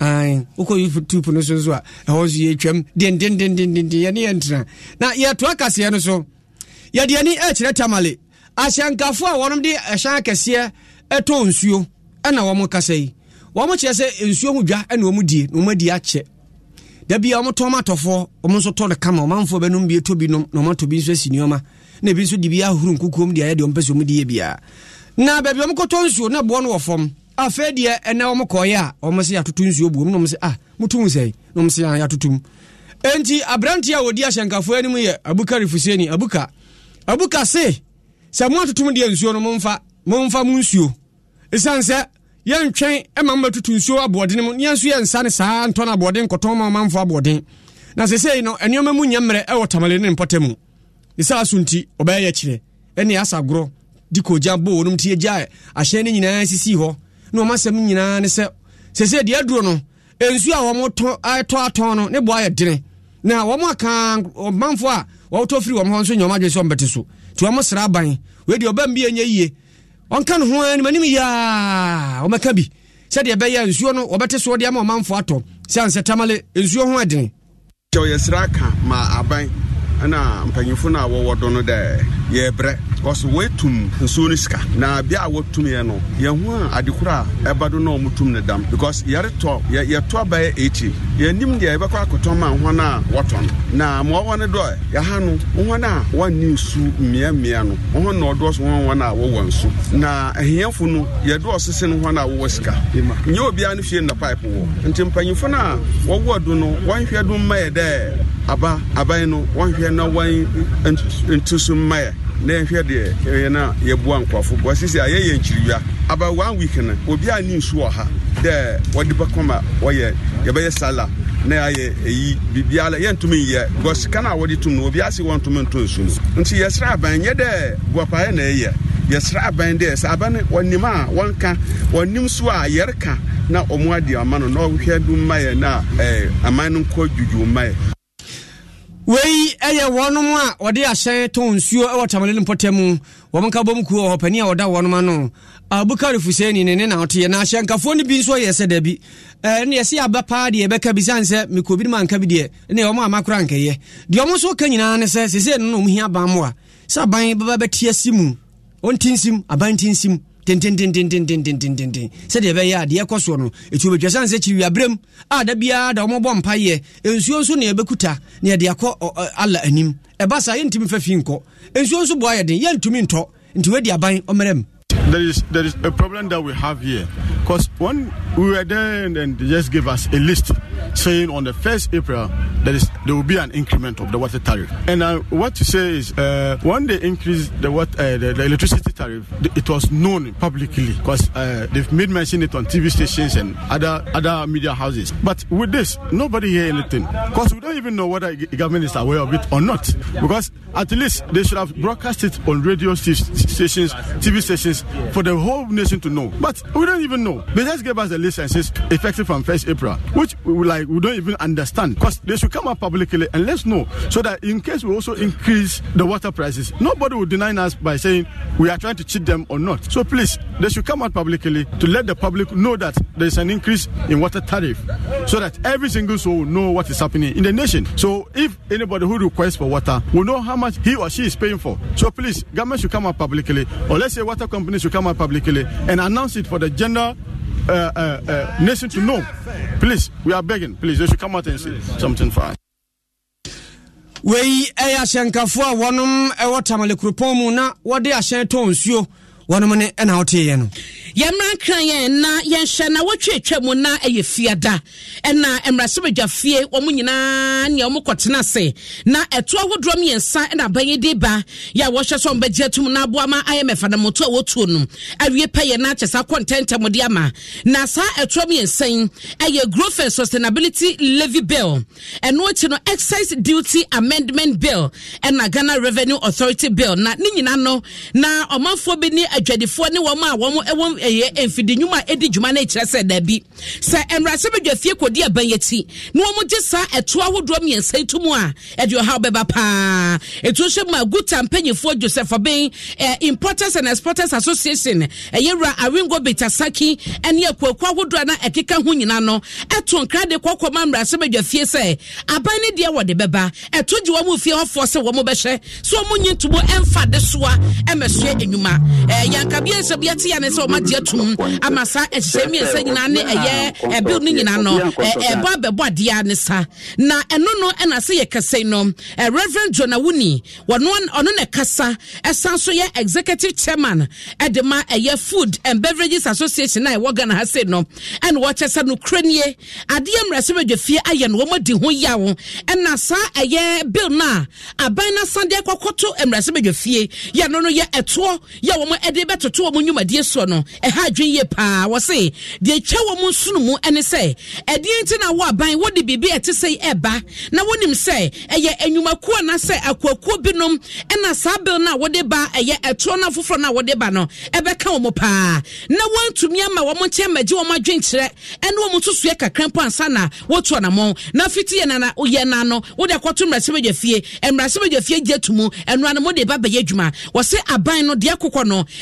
wokɔ youtube no so so a ɛhɔ so yɛtwam dendendendenden yɛne yɛntena na yɛtoa kaseɛ no so yɛde ani ɛkyerɛ tamale ahyɛnkafoɔ a wɔnom de ɛhyɛn akɛseɛ ɛtɔ nsuo ɛna wɔn kasa yi wɔn kyerɛ sɛ nsuo ho dwa ɛna wɔn die na wɔn adi akyɛ dabi a wɔn tɔn ma atɔfoɔ wɔn nso tɔ no kama ɔmanfoɔ bɛnum bi eto bi nom na wɔn ato bi nso asi nneɛma na ebi nso de bi ahuru nkukuom deɛ ayɛ deɛ wɔn pɛ sɛ wɔn di yɛ biara na baabi wɔn kɔtɔ nsuo na boɔ no wɔ fam afei deɛ ɛnɛ wɔn kɔɔyɛ a wɔn sɛ yɛatoto nsuo bom na wɔn sɛ ah mutu mu sɛn na wɔn sɛ ah, yɛatoto mu enti aberanteɛ a wɔdi ahyɛnkafoɔ anim yɛ abukari fuseni abuka abuka se sɛ mo atoto mu deɛ nsuo no momfa momfa yɛntwɛn ma mbɛtutu nsuo aboɔden mu ne yɛnso yɛnsa ne saa ntɔ no aboɔden nkɔtɔn ma ɔmanfoɔ aboɔden na sesei no nneɛma mu nyɛ mmerɛ ɛwɔ tamale ne mpɔtɛ mu ne saa so nti ɔbɛyɛ yɛkyerɛ ɛne asa gorɔ de kɔgya bo nom nti yɛgya ahyɛn no nyinaa sisii hɔ na ɔma asɛm nyinaa ne sɛ sesei deɛ aduro no nsuo a wɔmtɔ atɔn no ne boa yɛ dene na wɔn aka ɔmanfoɔ a wɔtɔ firi wɔn hɔ nso nyɛ wɔn adwene sɛ wɔmbɛte so nti wɔn sra aban wei deɛ ɔbɛn bi yɛ nyɛ yie ɔnka ne ho animanim yia ɔmɛka bi sɛdeɛ ɛbɛyɛ nsuo no wɔbɛte soɔ de ama ɔmanfoɔ atɔ sɛ ansɛ tamale nsuo ho adene kyɛ ɔyɛ sra ka ma aban ɛna mpanyimfo no a wɔwɔ do no dɛ yɛbrɛ wɔso wɔatum nsuo no sika na bia a wɔtumyɛ no yɛho a adekoro a ɛba do na ɔmotum no dam because yɛretɔ yɛtoa bɛyɛ 80 yɛnim deɛ yɛbɛkɔ akɔtɔ ma hɔn a wɔtɔ no na ma ɔwɔ no dɔ yɛha no hɔn a wɔanni nsu mmeammea no hɔn na ɔdɔɔ so hɔn hɔn a wɔwɔ nsu na ahiafo no yɛdɔɔ sese no hɔn a wɔwɔ sika nyɛ obiara no fie na pipe wɔ nti mpanyimfo no a wɔwɔ do no wɔnhwɛ do mma yɛ dɛ aba aban no wɔnhwɛ na wan ntusu mma yɛ na yɛhwɛ deɛ yɛyɛ na yɛboa nkurɔfo bɔ sisi a yɛyɛ nkyiriwia aba one week no obiara ne nsu wɔ ha dɛ wɔde bɛkɔ ma wɔyɛ yɛbɛyɛ sala na yɛayɛ ɛyi biribiara la yɛntumi yɛ bɔ sika no a wɔde tom no obiara se wɔntumi nto nsu no nti yɛsrɛ aban nyɛ dɛ boapaeɛ na ɛyɛ yɛsrɛ aban dɛ sɛ aban wɔnim a wɔnka wɔnim so a yɛreka na ɔmo ade ama no na ɔhwɛ do mma yɛ na aman no nkɔ dwudwo mma wei ɛyɛ wɔnom a wɔde ahyɛn to nsuo ɛwɔ tamale no mpɔtɛ mu wɔn nka bom kuo wɔ pani a wɔda wɔnom ano abukari fuseni ne ne na ɔte yɛ na ahyɛnkafoɔ no bi nso yɛ sɛ dabi ɛɛ ne yɛsi aba paa deɛ ɛbɛka bi san sɛ mikobi no ma nka bi deɛ ne wɔn a makora nkɛyɛ deɛ wɔn nso ka nyinaa ne sɛ sese no na wɔn hia ban mu sɛ aban bɛba bɛte asi mu ɔnti nsim aban ti nsim tententententententententen sɛdeɛ ɛbɛyɛ adeɛ kɔ soɔ no ɛtu bɛtwa sane sɛ kyiri wiaberɛm a da biara da ɔmɔbɔ mpayɛ nsuo nso ne yɛbɛkuta ne yɛde akɔ ala anim ɛba saa yɛntumi fa fii nkɔ nsuo nso boa yɛden yɛntumi ntɔ nti wadi aban ɔmmerɛ mu There is, there is a problem that we have here. Because when we were there and, and they just gave us a list saying on the 1st April there, is, there will be an increment of the water tariff. And uh, what to say is uh, when they increased the, uh, the, the, electricity tariff, it was known publicly because uh, they've made mention it on TV stations and other, other media houses. But with this, nobody hear anything because we don't even know whether the government is aware of it or not. Because at least they should have broadcast it on radio stations, TV stations for the whole nation to know. But we don't even know they just gave us the licenses effective from 1st April, which we like we don't even understand because they should come out publicly and let's know so that in case we also increase the water prices, nobody will deny us by saying we are trying to cheat them or not. So please, they should come out publicly to let the public know that there is an increase in water tariff so that every single soul will know what is happening in the nation. So if anybody who requests for water will know how much he or she is paying for. So please, government should come out publicly, or let's say water companies should come out publicly and announce it for the general uh, uh, uh. nation to know. Please, we are begging. Please, they should come out and say something for us. wei ɛyɛ eh, ahyɛnkafoɔ a wɔnom eh, ɛwɔ tamale kuropɔn mu na wɔde ahyɛn tɔ nsuo wɔnom ne ɛna woteeɛ no yɛmmra nkra yɛn na yɛnhyɛ na wɔtwetwa mu na ɛyɛ fiada ɛna mmarasɛbadwa fie wɔn nyinaa nea wɔn kɔtena ase na ɛto ahodoɔ mmiɛnsa ɛna abɛyɛ de ba yɛ a wɔhyɛ sɛ ɔmbɛgye atum na aboa ma imf anamoto a wɔtuo no awie pɛyɛ na akyɛ saa kɔntɛntɛm ama na saa ɛtoɔ mmiɛnsa yi ɛyɛ growth and sustainability levy bill ɛno akyi no excise duty amendment bill ɛna ghana revenue authority bill na ne nyinaa no na ɔmanfoɔ bi ne adwadifoɔ ne wɔn a wɔn ɛwɔ ɛyɛ mfidi nnwuma ɛdi dwuma no kyerɛ sɛ daabi sɛ mmarahyɛ badwa fie kɔdi ɛbɛn akyi na wɔn gye saa ɛto ahodoɔ mmiɛnsa yi to mu a ɛde ɔhaw bɛba paa etu nhyɛ mu a guta mpanyinfoɔ joseph ɔbɛn ɛ importers and exporters association ɛyɛ wura awingo betasaki ɛne akuaku ahodoɔ na ɛkeka ho nyinaa no ɛto nkra de kɔkɔ ma mmarahyɛ badwa fie sɛ aban ne deɛ wɔde bɛba ɛto gye wɔn fie hɔfoɔ sɛ wɔn bɛhyɛ so wɔn nyi ntomo ɛmfa de soa enyuma ɛɛ yɛnka biɛnsɛ eh, eh, eh, bi ate sɛ ama ɛhyehyɛ nyinaa ne ɛyɛ nyinaa no adeɛ sa na ɛno no ɛna yɛ no reverend john awuni ɔno ne kasa ɛsan so yɛ executive chairman ɛde ma ɛyɛ food and beverages association a ɛwɔ ghana ha sei no ɛne wɔkyɛ sɛ nokorɛ adeɛ fie ayɛ no ho yaw ɛna ɛyɛ bill aban deɛ kɔkɔto fie yɛ no no yɛ ɛtoɔ yɛ ɛde bɛtoto wɔn nnwumadie soɔ no ɛha adwene yie paa wɔ se deɛ atwa wɔn nsonomu ɛne sɛ ɛdeɛ nti na wɔ aban wɔde biribi ɛte sɛ ɛba na wɔnim sɛ ɛyɛ nnwumakuo anasɛ akuakuo binom ɛna saa bill no wɔde ba ɛyɛ ɛtoɔ no afoforɔ no wɔde ba no ɛbɛka wɔn paa na wɔntumi ama wɔn nkyɛn mɛgye wɔn adwenkyerɛ ɛne wɔn nsusuɛ kakra mpo ansa na wɔtoɔ namɔ na fiti yɛ nana yɛ na no wɔde akɔto mmarasɛbadwa fie mmarasɛbadwa fie gye to mu ɛnoa no wɔde ba bɛyɛ adwuma wɔsɛ aban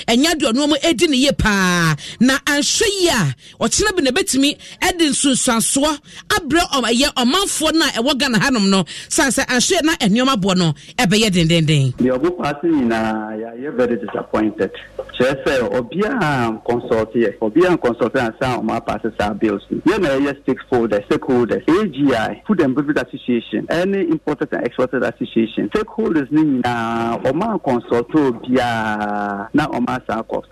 ɛnyɛ aduane wɔn edi ne yie paa na anhwɛ yi a ɔkyerɛ bi na ebetumi ɛde nsonsansoɔ abrɛ ɔm ɛyɛ ɔmanfoɔ no a ɛwɔ ghana hanom no san sɛ na nneɛma boɔ no ɛbɛyɛ dendenden. deɛ ɔbu paati nyinaa yɛayɛ very disappointed kyerɛ sɛ obiara nkɔnsɔɔte yɛ obiara nkɔnsɔɔte yɛ asan ɔmo apaase saa bills no yɛn na ɛyɛ stakeholders stakeholders agi food and beverage association ɛne imported and exported association stakeholders ne nyinaa ɔmo ankɔnsɔɔte obiara na ɔmo mass accords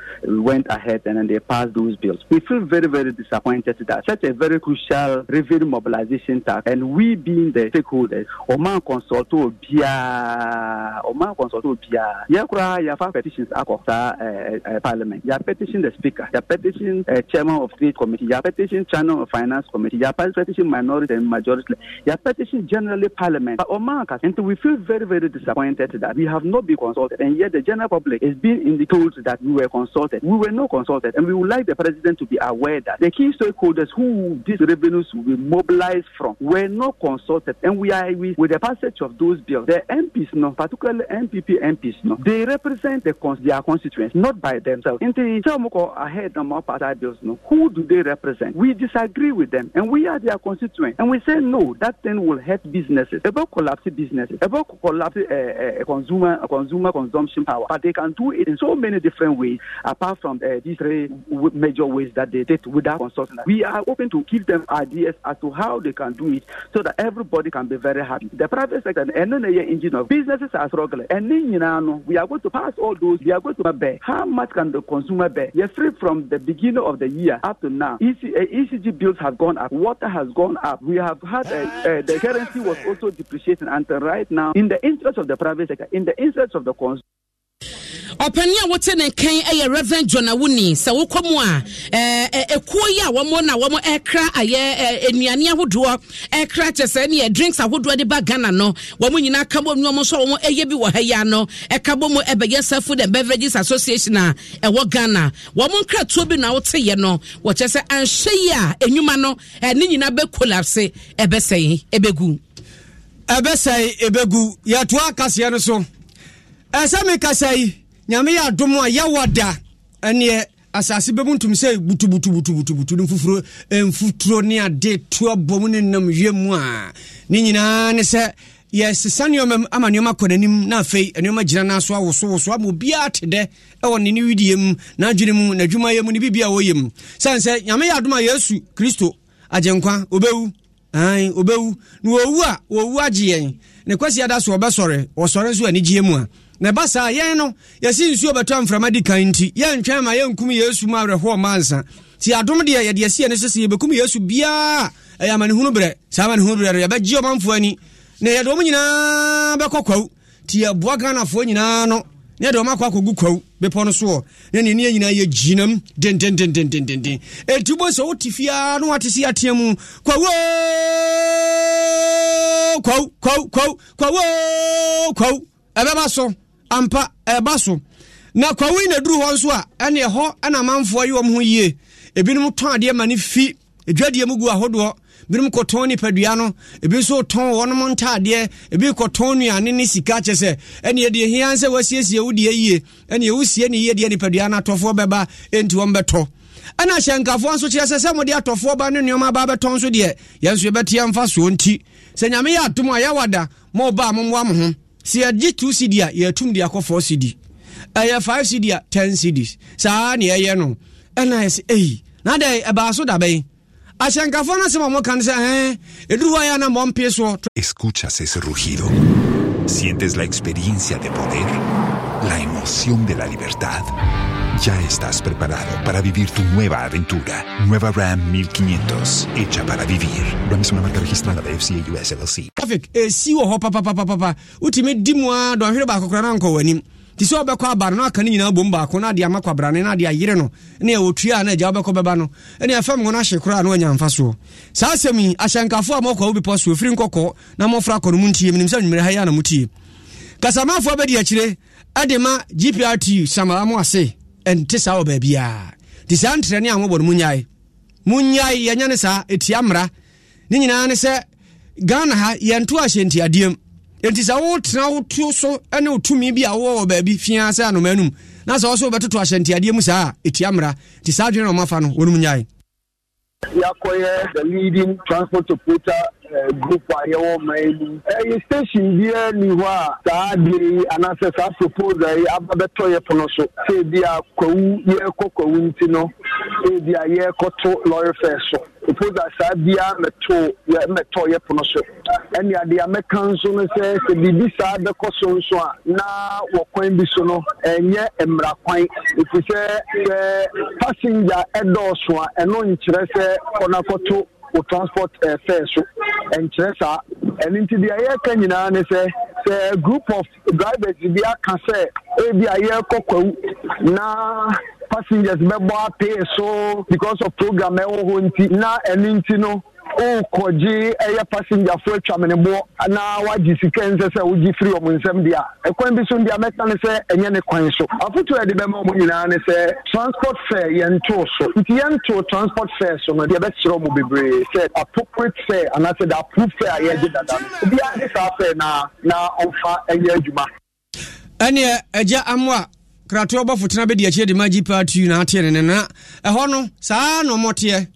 went ahead and then they passed those bills. We feel very, very disappointed that such a very crucial revenue mobilization task and we being the stakeholders, Oman consult Obia, Oman consult Obia, Yakura, Yafa petitions Akota eh, eh, Parliament, Your petition the Speaker, Your petition uh, Chairman of State Committee, Your petition Channel of Finance Committee, Your petition Minority and Majority, Your petition Generally Parliament. But Oman, and we feel very, very disappointed that we have not been consulted and yet the general public is being indicated that that we were consulted. We were not consulted, and we would like the president to be aware that the key stakeholders who these revenues will be mobilized from were not consulted, and we are with, with the passage of those bills. The MPs, no, particularly MPP MPs, no, they represent the cons- their constituents, not by themselves. In the ahead of party bills, no, who do they represent? We disagree with them, and we are their constituents, and we say no. That thing will hurt businesses, about collapse businesses, about collapsing uh, uh, consumer uh, consumer consumption power. But they can do it in so many different different ways, apart from uh, these three w- major ways that they did without consulting. We are open to give them ideas as to how they can do it so that everybody can be very happy. The private sector and then the engine of businesses are struggling. And then, you know, we are going to pass all those. We are going to bear. How much can the consumer bear? Yesterday, free from the beginning of the year up to now. EC- uh, ECG bills have gone up. Water has gone up. We have had uh, uh, the currency was also depreciating. And right now, in the interest of the private sector, in the interest of the consumer, ɔpani a wote ne nkan yɛ reverend john awuni sɛ wokɔ mu a ekuo yi a wɔn na wɔn ɛkra ayɛ nnuane ahodoɔ ɛkra kyɛ sɛ ne yɛ drinks ahodoɔ de ba ghana no wɔn nyinaa ka bɔ mu wɔn nso wɔn ɛyɛ bi wɔ ha yi ano ɛka bɔ mu ɛbɛyɛ sɛ food and beverages association a ɛwɔ ghana wɔn nkratuo bi na wote yɛ no wɔkyɛ sɛ anhyɛ yi a enyuma no ɛne nyinaa bɛ kolapse ɛbɛsɛn ɛbɛgu. ɛbɛsɛn ɛbɛgu yɛtoa kaseɛ no so ɛsɛ mi kasa yi nyame yɛ adom a yɛwɔ da ɛneɛ asase bɛmu ntum sɛ butubutubutubutu no mfufuro eh, mfuturo ne ade toa bom ne nam wie mu a ne nyinaa ne sɛ yɛsesa nneɔma ama nneɔma kɔ n'anim na afei nneɔma gyina no so awosowoso ama obiaa te dɛ ɛwɔ ne ne wideɛ mu n'adwene mu n'adwumayɛ mu ne biribia wɔyɛ mu sane sɛ nyame yɛ adom a yesu kristo agyenkwa obɛwu ae obɛwu na wɔwu a wɔwu agye yɛn ne kwasi ada so wɔbɛsɔre wɔsɔre nso anigyeɛ mu a na ɛba saa yɛn oh, no yɛsi nsuo bɛtɔ mframa di kan nti yɛntwɛn ma yɛnkum yesu mu awerɛhoɔ mansa nti adom deɛ yɛde ɛsiɛ no sɛ yɛbɛkum yesu biaa ɛyɛ amanehunu berɛ saa amanehunu berɛ no yɛbɛgye ɔmanfoɔ ani na yɛde ɔm nyinaa bɛkɔ kwaw nti yɛboa ghanafoɔ nyinaa no na yɛde ɔm akɔgu kwaw bepɔ no soɔ na ne neɛ nyinaa yɛgyinam dendendendendenden ɛti sɛ wote fiaa na wate se ateɛ mu kwawo kwaw kwaw kwaw kwawo kwaw ɛbɛba so ampa ɛba so na kwawi na duru hɔ nso a ɛne ɛhɔ ɛna amanfoɔ yi wɔn ho yie ebinom tɔn adeɛ ma ne fi edwadeɛ mu gu ahodoɔ binom kɔtɔn nipadua no ebi nso tɔn wɔnom ntaadeɛ ebi kɔtɔn nnuane ne sika kyɛ sɛ ɛne yɛde hia sɛ wasiesie wo deɛ yie ɛne yɛwo sie ne yie deɛ nipadua no atɔfoɔ bɛba ɛnti wɔn bɛtɔ ɛna hyɛnkafoɔ nso kyerɛ sɛ sɛ mode atɔfoɔ ba ne nneɔma ba bɛtɔ nso deɛ yɛn nso yɛbɛteɛ mfa soɔ nti sɛ nyame yɛ atom a yɛwada ma ɔba a mommoa mo ho sɛ yɛgye 2 cd a yɛatum de akɔ 4 cd ɛyɛ 5 cd a 10 cds saa ne ɛyɛ no ɛna yɛ sɛ ei na dɛ ɛbaa so dabɛn ahyɛnkafoɔ no asɛm a mɔka no sɛ ɛ ɛduru hɔ yɛ na mɔmpe soɔ escuchas ese rugido sientes la experiencia de poder la emoción de la libertad ya estás preparado para vivir tu nueva aventura. Nueva Ram 1500, hecha para vivir. Ram es una marca registrada de FCA US LLC. Traffic, eh, si wo hopa papa papa papa. Utime dimu a do hwere ba kokra na nko wanim. Ti so obekọ aba no aka ni nyina bom ba ko na de amakwa brane na de ayire no. Na e otua na agya obekọ beba no. Na e fam na shekura, kra na anya mfa so. Saa semi ahyankafo a mokwa obi poso ofiri nkokọ na mofra kọ no muntie minim sa nwumire ha ya na mutie. Kasamafo abedi akyire ɛde adema gprt samara mu ase ɛnte saa wɔ baabiaa nti saa ntrɛ ne a mobɔ no munyae munyae yɛnyɛ ne saa ɛtia mmara ne nyinaa ne sɛ ghana ha yɛnto ahyɛ ntiadeɛm ɛnti sɛ wotena wo to so ne wo tumi bi a wowɔ wɔ baabi fiaa sɛ anoma anum na sɛ wo so wobɛtoto ahyɛ ntiadeɛ mu saa a ɛtia mmara nti saa adwene na ɔmafa no wɔnom nyae yɛakɔyɛ the leading transport operator group a yɛwɔ ma yi mu ɛyɛ station biara ni hɔ a saa adeɛ yi anaasɛ saa proposal yi aba bɛtɔ yɛ pono so sɛ ebi a kwawu yɛrekɔ kwawu nti no ebi a yɛrekɔto lɔre fɛ so proposal saa biara mɛto yɛ mɛtɔ yɛ pono so ɛne adeɛ a mɛka nso no sɛ sɛ biribi saa bɛkɔ so nso a na wɔ kwan bi so no ɛnyɛ mmara kwan efisɛ sɛ passenger ɛdɔɔso a ɛno nkyerɛ sɛ kɔnakɔto wo transport uh, fare so nkyerɛ saa ɛno nti deɛ yɛreka nyinaa ne sɛ sɛ group of drivers bi aka sɛ ebi a yɛrekɔ kwawu na passengers bɛbɔ apee so because of program ɛwɔ hɔ nti na ɛno nti no wokɔgye ɛyɛ passengerfoɔ atwa meneboɔ na wagye sika nsɛ sɛ wogye firi ɔmo nsɛm deɛ a ɛkwan bi so deɛ mɛka ne sɛ ɛnyɛ ne kwan so afoto a yɛde bɛma ɔmo nyinaa ne sɛ transport fare yɛntoo so nti yɛntoo transport fare so no deɛ bɛkyerɛ ɔmo bebree sɛ appropriate fare anaasɛ the approved fare a yɛgye dada no obiara de na na ɔmfa ɛyɛ adwuma ɛneɛ agya amoa kratoɔ bɔfo tena bɛdi akyi de ma gye paa tu na atee ne ne na ɛhɔ no saa na ɔmɔteɛ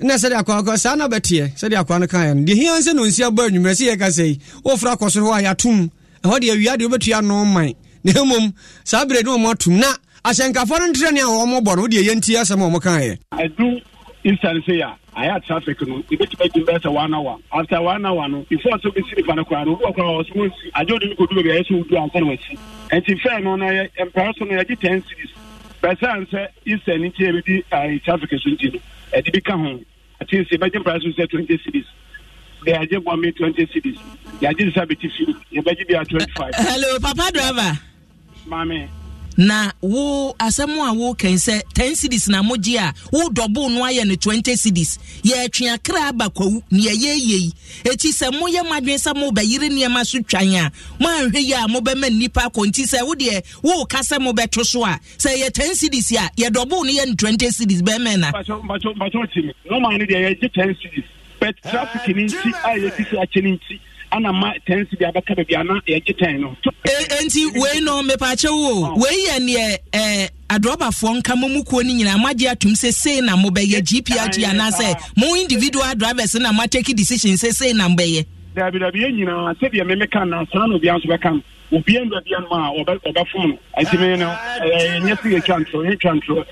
na sɛde akwa akwa saa na bɛteɛ sɛde akwa no kaeɛ no deɛ hia sɛ na ɔnsi abɔ anwummerɛ sɛ yɛka sɛi wɔfra akɔ soro hɔ a yɛatom ɛhɔ de awia deɛ wobɛtua no man na mmom saa berɛ ne ɔmɔ atom na ahyɛnkafoɔ no ntrɛ ne a wɔmɔbɔ no wodeɛ yɛnti asɛm ɔmɔ kaeɛ ɛdu instant sɛ a ayɛ traffic no ɛbɛtumi adim bɛɛ sɛ one hour after one hour no before sɛ wobɛsi nipa no koraa no wowɔ koraa ɔsɛ wɔnsi agye wode no kɔdu baabi ayɛ sɛ wodu ansa na wasi ɛnti fɛ no na ɛmpɛre so no yɛgye ten cities bɛsan sɛ eastern nti a yɛbɛdi east africa e so nti no ɛde bi ka ho ati sɛ bɛgye mpra so sɛ twenty cities de agye bɔnmi twenty cities yɛagye sisa bɛti fi yɛbɛgye bi a twenty five. hello papa driver. maame na wo asɛm a wokan sɛ 10 cities na mogye a wo dɔbo no ayɛ no 20 cities yɛatwea kra aba kwawu ne yɛyɛ yei ɛti sɛ moyɛ mo adwene sɛ mobɛyere nneɛma so twan a moanhwɛ yi a mobɛma nnipa akɔ nti sɛ wodeɛ woka sɛ mobɛto so a sɛ yɛ 10 cities a yɛdɔbo no yɛ no 20 cities bɛmɛ na normal no deɛ yɛgye 10 cities but traffic no nti a yɛti sɛ akyɛ no nti ana ma tɛn si bi abɛka baabi ana yɛgye tɛn no. E, enti wei no mepaakyɛ wo wei yɛ neɛ ɛɛ adrɔbafoɔ nka mo mu kuo no nyinaa moagye atom sɛ sei na mobɛyɛ gprg anaasɛ mo individual drivers na moatake decision sɛ sei na mobɛyɛ daabidabi yɛn nyinaa sɛdeɛ memeka na saa na obia nso bɛka no obia ndu adeɛ no ma a ɔbɛfom no ɛnti me no ɛnyɛ sɛ yɛtwa ntorɔ yɛtwa ntorɔ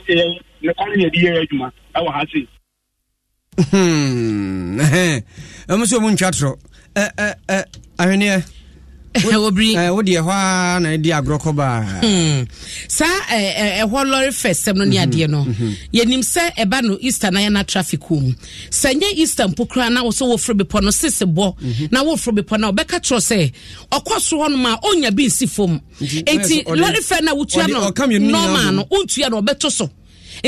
nekwane yɛde yɛ adwuma ɛwɔ ha sei hmm, ɛmo sɛ ɔmu ntwa torɔ ahweneɛ wodeɛ hɔ a na ɛdi agorɔ kɔ baa hmm. saa ɛhɔ lɔre fɛ sɛm no ne mhm, adeɛ no mhm. yɛnim sɛ ɛba no easter na yɛna traffic wɔ mu sɛ nyɛ easter mpo koraa na mhm. wo sɛ wɔforo bepɔ no na wɔforo bepɔ no ɔbɛka kyerɛ sɛ ɔkɔ so a ɔnya bi nsi fam enti lɔre fɛ no a wotua no nɔɔma no wontua no ɔbɛto so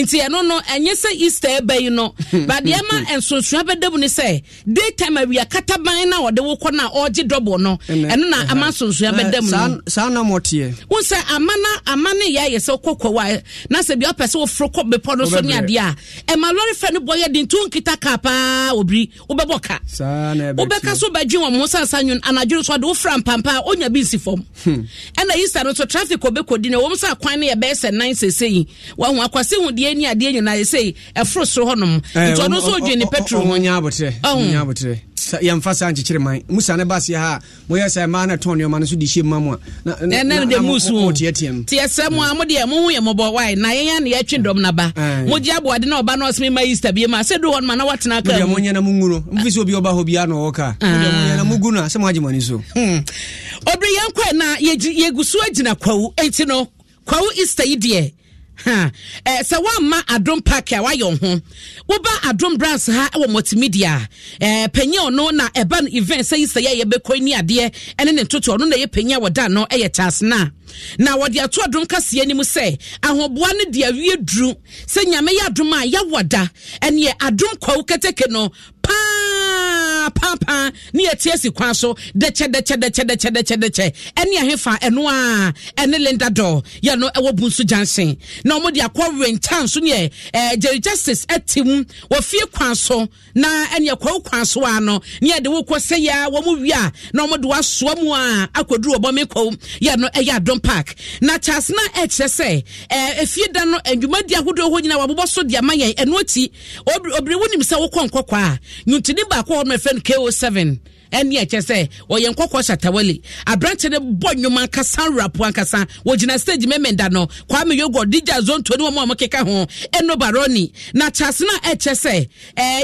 nti ɛno no ɛnyɛ sɛ easter ɛbɛ yi no badeɛ ma nsonsua bɛda mu ne sɛ daytime awia kataban na ɔde wokɔ no a ɔregye dɔbɔ no ɛno na ama nsonsua bɛda mu no saa na mɔteɛ wo sɛ ama na ama ne yɛ ayɛ sɛ wokɔ kɔwa na sɛ bia wopɛ sɛ woforo kɔ bepɔ no so ne adeɛ a ɛma lɔre fɛ no bɔyɛ de nti wonkita kaa paa obiri wobɛbɔ ka wobɛka so bɛdwe wɔ mo sansa nwon anadwene so ade wofra mpampa ɔnya bi nsi fam hmm. ɛna easter no so traffic ɔbɛkɔdi no ɛwɔ m sɛ kwan no yɛbɛyɛ sɛ nan sɛsɛ yi wahu akwase hu deɛ adeɛ ne adeɛ nyinaa sɛ ɛforo soro hɔnom eh, nti ɔno nso ɔdwe ne petro ɔnya abotrɛ ɔnya abotrɛ yɛmfa saa nkyekyere man musa ne baseɛ ha mo moyɛ sɛ ɛmaa no ɛtɔn nneɔma no so di hyɛ ma mu a na de musuotiɛtiɛ mu tiɛsɛ mu a mo mm. modeɛ moho yɛ mmɔbɔ wae na yɛyɛ ne yɛtwe dɔm naba eh. mogye aboade na ɔba no ɔseme ma easter bie ma se do hɔ noma na woatena ka mo moyɛ na mugu no mfi sɛ obi ɔba hɔ biaa na ɔwɔ ka ah. mo moyɛ na mugu no a sɛ moagye mane so ɔbere hmm. yɛnkɔɛ na yɛgu so agyina kwawu enti no kwawu ista yi deɛ Eh, sɛ woamma adom park a woayɛ ho woba adom brands ha wɔ multimedia eh, a panyin ɔno na ɛba no event sɛ yi sɛ yɛ yɛbɛkɔ ni adeɛ ɛne ne ntoto ɔno na ɛyɛ panyin a wɔda no ɛyɛ kyasena na wɔde ato adom kaseɛ no sɛ ahoboa no de awie duru sɛ nyame yɛ adom a yɛwɔ da ɛneɛ adom kwawu keteke no paapaapaapaa ne yɛte asi kwan so dɛkyɛ dɛkyɛ dɛkyɛ dɛkyɛ dɛkyɛ dɛkyɛ ɛne ahefa ɛno a ɛne linda dɔ yɛ no ɛwɔ bu nso junction na wɔn de akɔ rentan so ne yɛ ɛɛ jerry justice ɛte mu wɔfie kwan so na ɛne ɛkɔw kwan so a no ne yɛde wokɔ sɛyɛ a wɔn wi a na wɔn de wasoa mu a akɔduru wɔn mekɔw yɛ no ɛyɛ adom park na charles na ɛkyerɛ sɛ ɛɛ efie da no adwumadi ahodoɔ hɔ nyinaa wɔabobɔ so de ama yɛn ɛno akyi obiri wonim sɛ wokɔ nkɔkɔ a nyuntini baako hɔ one ko seven ɛne ɛkyɛ sɛ ɔyɛ nkɔkɔ shatawale aberante no bɔ nnwom ankasa nrapo ankasa wɔgyina stage memenda no kwame yogo digya zonto ne wɔma ɔmɔkeka ho ɛno baroni na kyase no a ɛkyɛ sɛ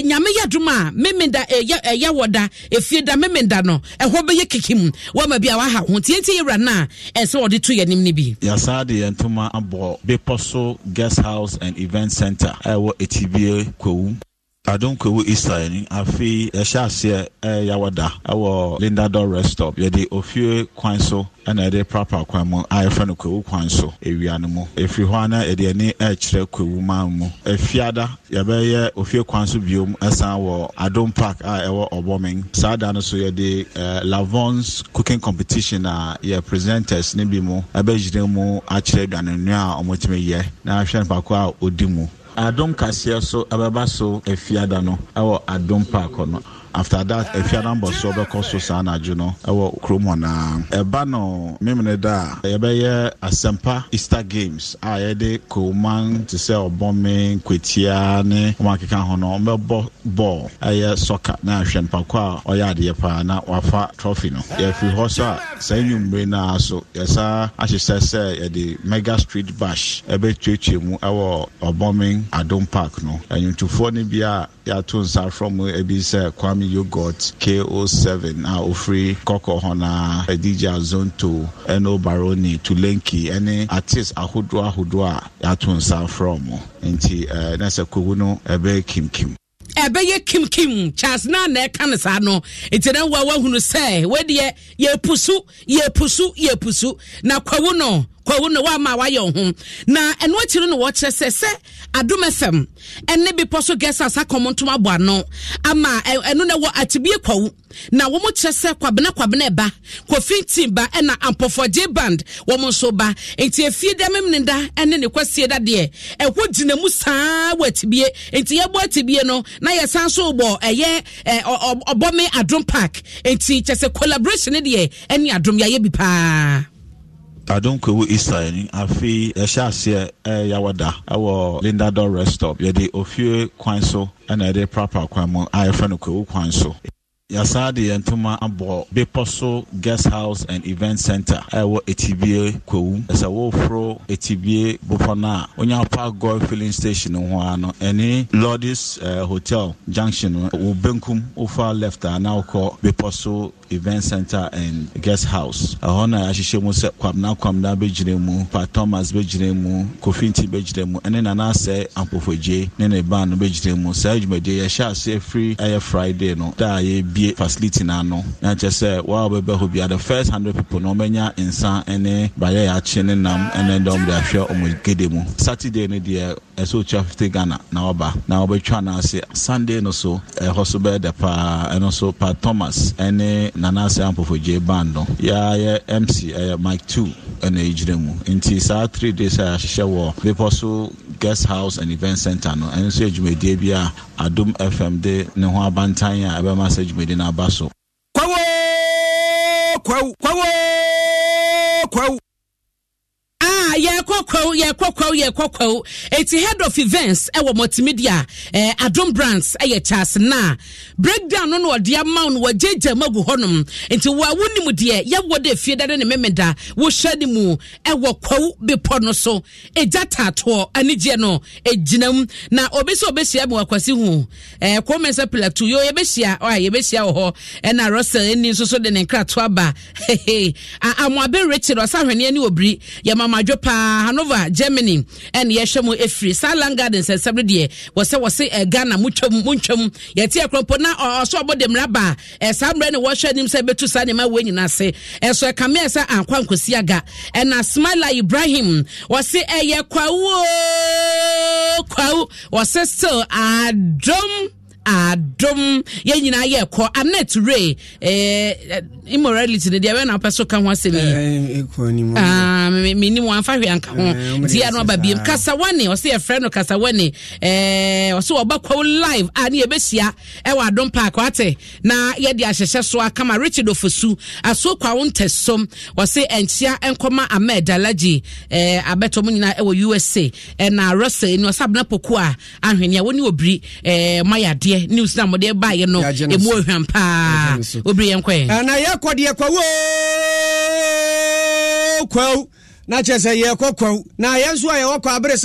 nyame yɛdom a memenda ɛyɛ wɔ da ɛfie da memenda no ɛhɔ bɛyɛ kiki mu wama bi a waha ho tiɛnti yɛwura no a ɛsɛ wɔde to yɛnim no bi yɛsaa de yɛntoma abɔ bepɔ so guest house and event center ɛwɔ ɛtibie kwawum adonkwewu easter ni afi yɛhyɛ aseɛ yawada, ɛwɔ lindador restop yɛde ofie kwan so ɛna yɛde prapa kwan mu a yɛfrɛ no kwewu kwan so ewia no mu efiri hɔ ana yɛde ani ɛkyerɛ kwewu man mu efiada yɛbɛyɛ ofie kwan so biom ɛsan wɔ adom park a ɛwɔ ɔbɔmen saa da no so yɛde ɛɛ lavons cooking competition a yɛ presenters ne bi mu ɛbɛgyina mu akyerɛ aduane nua a wɔn tumi yɛ na ahwɛ nipa ko a odi mu adom kaseɛ so ɛbɛba so afiada no ɛwɔ adom paakɔ no after that ɛfi anambɔ so ɔbɛkɔ so saa anadwo no ɛwɔ kurom hɔnaa ɛba no memene da a yɛbɛyɛ asɛmpa easter games a yɛde koman te sɛ ɔbɔme nkwatia ne ɔma akeka ho no ɔmbɛbɔ bɔɔl ɛyɛ sɔka na ahwɛ mpako a ɔyɛ adeɛ paa na wafa trophy. no yɛfiri hɔ so a saa nwummere no so yɛsa ahyehyɛ sɛ yɛde mega street bash ɛbɛtuatua mu ɛwɔ e ɔbɔme adom park no ɛnwontofoɔ no e bi a yɛato nsa frɔ mu ebi sɛ kwame ne yogot ko7 a ofiri kɔkɔ hɔ na adigya zonto ɛne baroni tulenki ɛne artist ahodoɔ ahodoɔ a yɛato nsa frɛ mo nti eh, na sɛ kogu no ɛbɛyɛ kimkim ɛbɛyɛ kimkim charles na na ɛka no saa no nti na wa wahunu sɛ wadeɛ yɛpusu yɛpusu yɛpusu na kwawu no kwawu na wama wayɛ ho na ɛno akyiri no wɔkyerɛ sɛ sɛ adom fm ɛne bepɔ so gɛsas akɔm ntom abɔ ano ama ɛno e, na wɔ atibie kwawu na wɔn kyerɛ sɛ kwabena kwabena e ba kofintin ba ɛna e ampɔfɔgye band wɔn nso ba nti efie dɛm ne da ɛne ne kwasie da deɛ ɛho gyina mu saa wɔ atibie nti yɛbɔ atibie no na yɛsan so bɔ ɛyɛ ɛɛ ɔbɔme adom park nti kyerɛ sɛ collaboration deɛ ɛne adom yɛayɛ bi paa adonko ewu easter ni afei yɛhyɛ aseɛ ɛyɛ yawada ɛwɔ lindador rest stop yɛde ofie kwan so ɛna yɛde prapra kwan mu a yɛfrɛ no kwewu kwan so yasa de yɛn ntoma abɔ bepɔ so guest house and event center a ɛwɔ etibie kowu ɛsɛ woforo etibie bepɔ no a onyaa park golf filling station ho ara no ɛne lordis uh, hotel junction no wo benkum wofa left a na wokɔ bepɔ so event center and guest house ɛhɔ na yɛahyehyɛ mu sɛ kwamna kwamna bɛgyina mu pa thomas bɛgyina mu kofinti bɛgyina mu ɛne nana asɛ ampofogye ne ne ban no bɛgyina mu saa dwumadie yɛhyɛ ase afiri ɛyɛ friday no da a yɛbi tie facility na ano na kyerɛ sɛ wa wɔbɛbɛ hɔ bia the first hundred people na wɔbɛnya nsa ne bayɛ yɛakye ne nam ne dɔm de ahwɛ wɔn gede mu saturday no deɛ ɛsɛ otua fifty ghana na wɔba na wɔbɛtwa no ase sunday no so ɛhɔ so bɛyɛ dɛ paa ɛno so pa thomas ne nanase ampofogye band no yɛayɛ mc ɛyɛ mike two ɛna ɛgyina mu nti saa three days a yɛahyehyɛ wɔ bepɔ so guest house and event center no ɛno so adwumadie bi a adom fm de ne ho abantan a ɛbɛma sɛ adwuma In our aba kwawo kwawo kwawo kwawo yɛkɔ kwaw yɛkɔ kwaw yɛkɔ kwaw eti head of events ɛwɔ multimedia ɛɛ eh, adum brands ɛyɛ charles na. breakdown no na ɔde ama no wɔgyegye mu agu hɔnom nti wɔn a wɔnim deɛ yɛwɔ de efie dada ne mmemmeda wɔhyɛ ne mu ɛwɔ kwaw bepɔ no so egya taatoɔ anigyeɛ no egyina mu na obi sɛ obehyia mu akwasi ho ɛɛ eh, kɔn mɛnsa pilatu yɛ yɛbɛhyia ɔa yɛbɛhyia wɔ hɔ ɛna russell ɛni nso so de ne nkratoɔ aba hehe amoabe rachel ɔsahwɛni ɛni obiri yɛ mamadwo paa hanover germany ɛne yɛhwɛ mu ɛfiri saa land garden sɛnsɛbre deɛ wɔsɛ wɔse ghana motwam montwam yɛte akorɔmpo na ɔsɛ ɔbɔ de mmara baa uh, saa mmerɛ ne wɔhwɛ anim sɛ bɛtu saa nneɛma wɔ nyinaa se ɛso ɛkameɛ sɛ ankwa nkosi aga ɛna smila ibrahim wɔse ɛyɛ kwawuo kwawu wɔse still adom uh, adom yɛn nyinaa yɛ kɔ anet ray eh, eh, immorality no deɛ wɛna wopɛ so ka ho asɛm yi eh, ah, menim amfa hwɛ anka ho nti yɛ no aba biam kasawane ɔsɛ yɛfrɛ no kasawane ɔsɛ wɔba kwaw live a ne yɛbɛhyia ɛwɔ adom park wate na yɛde ahyehyɛ so akama richard ofosu aso kwawo ntɛsom wɔse ɛnkyea ɛnkɔma ama adalagye abɛtɔ mu nyinaa ɛwɔ usa ɛna russell ɛni ɔsɛ abena poku a ahwenea wɔne ɔbiri mayɛ adeɛ deɛ news na mo de ba baayɛ no ɛmu ohwam paa obiri yɛn kɔɛ na yɛkɔ deɛ wo kwaw na kyerɛ sɛ kɔ kwaw na yɛn nso a yɛwɔ kɔ abere o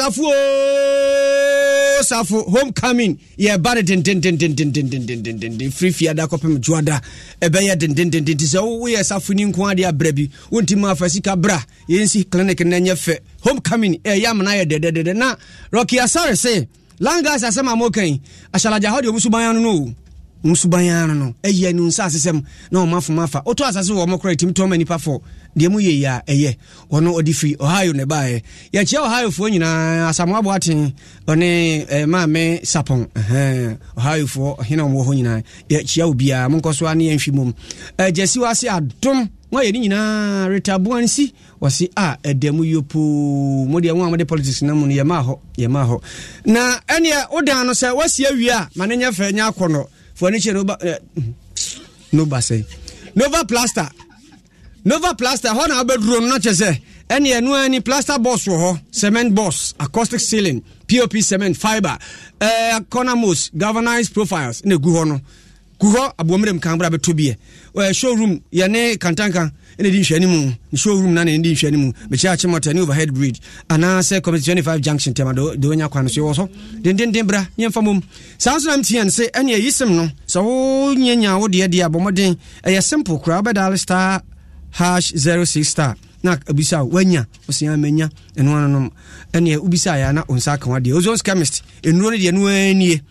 safo home coming yɛba no dendendendendendendendendenden firi fiada kɔpem dwoada ɛbɛyɛ dendendendenti sɛ woyɛ safo ni nko adeɛ abrɛ bi wo wontimi afa sika bra yɛnsi clinic na nyɛ fɛ home coming ɛyɛ amana yɛ dɛdɛdɛdɛ na rocky asare se langas asɛm a mɔkan ahyɛlagya hɔ deɛ ɔmu suban ano no o ɔmu suban no ɛyɛ no nsa asesɛm na ɔma foma afa ɔtɔ asase wɔ ɔmɔkora ɛtumi tɔma nnipa fɔ deɛ mu yɛ yɛ a ɛyɛ ɔno ɔde firi ohio na ɛbaeɛ yɛkyia ohiofoɔ nyinaa asamoabo aten ɔne maame sapɔn ohiofoɔ ɔhene ɔmwɔ hɔ nyinaa yɛkyia obiaa monkɔ so a ne yɛnhwi mom gyasi wɔ ase adom wɔayɛ ne nyinaa retaboa no si wɔse a ɛda mu yopoo modeɛ wo a mode politics na mu no yɛmaa hɔ yɛmaa hɔ na ɛneɛ wodan no sɛ woasi awie a ma no nyɛ fɛ nyɛ akɔ no kyɛ noba sɛ nova plaster nova plaster hɔ na wobɛduro no na kyɛ sɛ ɛneɛ no ani plaster box wɔ hɔ cement box acoustic ceiling pop cement fiber uh, corner mos galvanized profiles na ɛgu hɔ no kuhɔ aboɔmmerɛ mkan berɛ bɛtɔ biɛ showroom yɛne kantanka ɛne di nhwɛne mu showroom na ne di nhwɛne mu mekyɛ akye mɔta ne overhead bridge anaasɛ committee 25 junction tɛma de wonya kwan no so yɛwɔ so dendenden bra yɛmfa mom saa nso na mtn se ɛne ayisɛm no sɛ wonyanya wo deɛ deɛ abɔ ɛyɛ simple koraa wobɛdaale star hash 06 star na abisa wanya ɔsia manya ɛno ano nom ɛneɛ wobisa yɛ na ɔnsa ka wadeɛ ozons chemist ɛnuro no deɛ no anie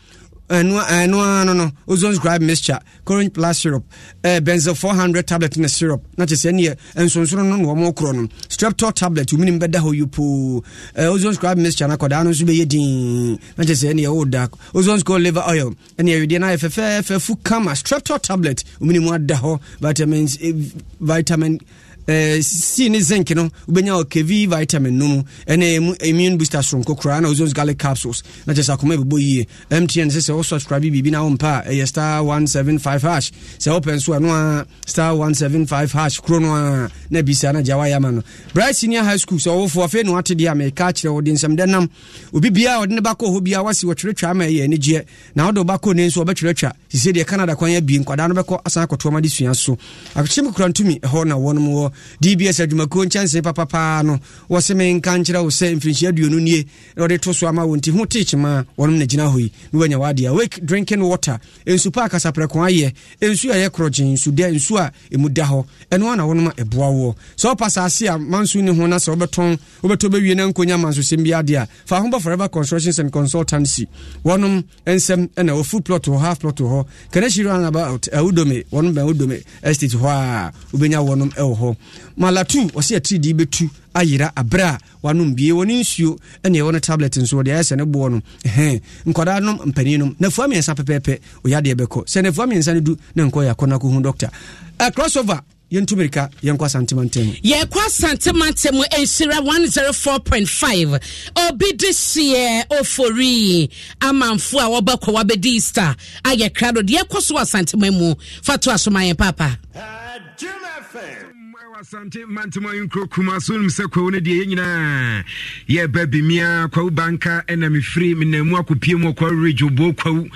ɛno uh, a uh, no no ozone scribe mixture corange plus syrup uh, benzel 400 tablet ne syrup uh, na kyɛ sɛ neɛ nsonsono no na ɔmo korɔ no streptor tablet wominim bɛda hɔ yopo uh, ozone scribe mixture no akɔdaa no nso bɛyɛ din na kyɛ sɛ neɛ woda ozone score liver oil ɛne awedeɛ no ayɛ fɛfɛɛfɛ fu kama streptor tablet wominim ada hɔ vitamins eh, vitamin Eh, si c ne zinc no wobɛnya kv vitamin no mu ɛne immune booster soronko koraa na ozos garlic capsules na kyɛ sɛ akoma ɛbɛbɔ yie mtn sɛ sɛ wo subscribe biribi na mpa a ɛyɛ star 175 hash sɛ wopɛ nso ɛno a star 175 hash kuro no a na bisa na gya wayɛ ama no bright senior high school sɛ ɔwofoɔ afei na wate deɛ a meka kyerɛ wode nsɛm dɛ nam obi bia ɔde ne bakɔ hɔ bia wasi wɔtwerɛtwa ama ɛyɛ anigyeɛ na wode wobakɔ ne nso wɔbɛtwerɛtwa sisɛ deɛ canada kwan bi nkwadaa no bɛkɔ asan akɔtoama de sua so akyem kora ntumi ɛhɔ na wɔnom wɔ dbs adwumakuo nkyɛnse papapaa no wɔse menka nkyerɛ wo sɛ mfirinhyia aduonu nie na wɔde to so ama wo nti ho teach ma wɔnom na gyina hɔ yi na wanya a wake drinking water nsu pa akasaprɛko ayɛ nsu a ɛyɛ korɔgyen nsudɛ nsu a ɛmu da hɔ ɛno na wɔnom a ɛboa woɔ sɛ wopa saase a manso ne ho na sɛ wobɛtɔn wobɛtɔ bɛwie na nkonya mansosɛm bi ade a fa ho bɔ forever constructions and consultancy wɔnom nsɛm ɛna wɔ full plot wɔ half plot wɔ hɔ kanahyiri eh, round about awodome wɔnom bɛn eh, awodome estate hɔ a wobɛnya wɔnom ɛwɔ eh, hɔ malatu ɔsɛ atiridi bɛtu ayera aberɛ a wanom bie wɔne nsuo ɛne ɛwɔ no tablet nso wɔde ayɛ sɛ ne boɔ no ɛhɛ nkwadaa nom mpani nom nafua mmiɛnsa pɛpɛɛpɛ ɔyɛ adeɛ bɛkɔ sɛ nafua mmiɛnsa no du na nkɔ yɛ akɔna kɔhu doctor a crossover yɛntu mirika yɛnkɔ asantemantɛm yɛkɔ asantemantɛm ɛnsira 104.5 obi de hyeɛ ɔfori amanfo a wɔbɛkɔ wabɛdi easter ayɛ krado deɛ ɛkɔ so wɔ asanteman mu fa to asomayɛ paapa uh, asante mantema nkuro kuma so nim sɛ kwawo no deɛ yɛ nyinaa yɛba bimia kwawo banka ɛna mefiri menamu akɔpie mu ɔkwawo regyoboɔ kwawo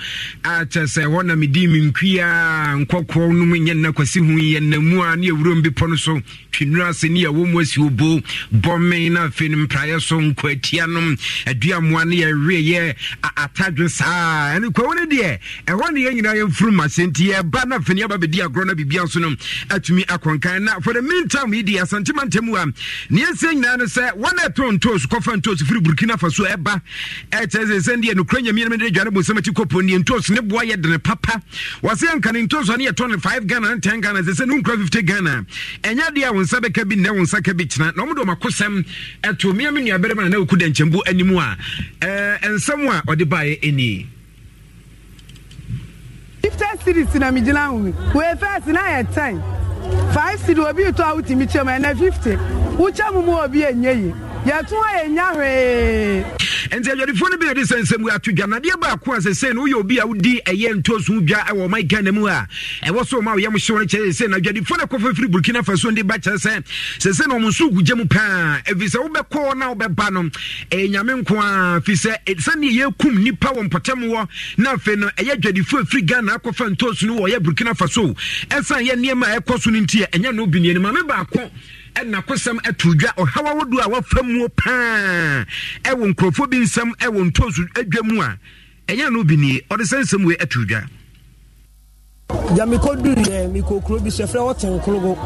akyɛ sɛ hɔ na medi menkui a nkɔkɔɔ nom nyɛ nna kwasi ho yɛ nnamu a ne yɛwurom bepɔ no so twinura ase ne yɛwɔ mu asi obo bɔme no afei no mpraeɛ so nkɔ atia nom aduamoa no yɛwereyɛ atadwe saa ɛne kwawo no deɛ ɛhɔ ne yɛ e nyinaa yɛmfurum asɛ nti yɛba no afei ne yɛba bɛdi agorɔ no biribia nso no atumi akɔnkan na for the mint town yi di asantuma ntɛm a nea ɛsɛ nyinaa no sɛ wɔn a ɛtɔn ntoos kɔfa ntoos firi burkina faso ɛba ɛkyɛ sɛ sɛ deɛ nokura nyamia no de dwane bo bosɛm ti kɔpɔ nie ntoos ne boa yɛ dene papa wɔse ɛnka ne ntoos ne yɛtɔ ne 5 ghana ne 10 ghana sɛ sɛ no nkura 50 ghana ɛnyɛ deɛ a wo nsa bɛka bi nnɛ wo nsa ka bi kyena na ɔmode ɔmakosɛm ɛto mea me nuabarima na na wɔku dankyɛmbo anim a ɛnsɛm a ɔde baeɛ ɛnie fifty cities na mi gyina ho wei first na yɛ ten five cedi obi to out in kyɛ mu ɛnɛ fifty wokyɛ mu mu obi enye yi. yɛto a yɛnya hwee ɛnti adwadifoɔ no bɛyɛde sɛ nsɛm ato dwa nadeɛ baako a sɛ sɛ no woyɛ obi a wodi ɛyɛ ntoso dwa ɛwɔ ɔma ghana mu a ɛwɔ so ma woyɛ mhyew no kyerɛ sɛ na adwadifoɔ no kɔfa firi burkina faso de ba kyerɛ sɛ sɛ sɛ na ɔmo nso gugya mu paa ɛfiri sɛ wobɛkɔ na wobɛba no ɛyɛ nyame nko a firi sɛ sɛneɛ yɛkum nnipa wɔ mpɔtam wɔ na afei no ɛyɛ adwadifoɔ afiri ghana akɔfa ntoso no wɔyɛ burkina faso ɛsan yɛ nneɛma a ɛkɔ so no nti ɛnyɛ no obi nnianima me baako ɛna kosɛm ɛto dwa ɔhaw ahodoɔ a wafa mu paa ɛwɔ nkurɔfoɔ bi nsɛm ɛwɔ ntɔnso adwa mu a ɛnyɛ no bi nie ɔde sɛ nsɛm wei ɛto dwa gya mekɔduruɛ mekɔkuro bi so ɛfrɛ wɔte nkorogo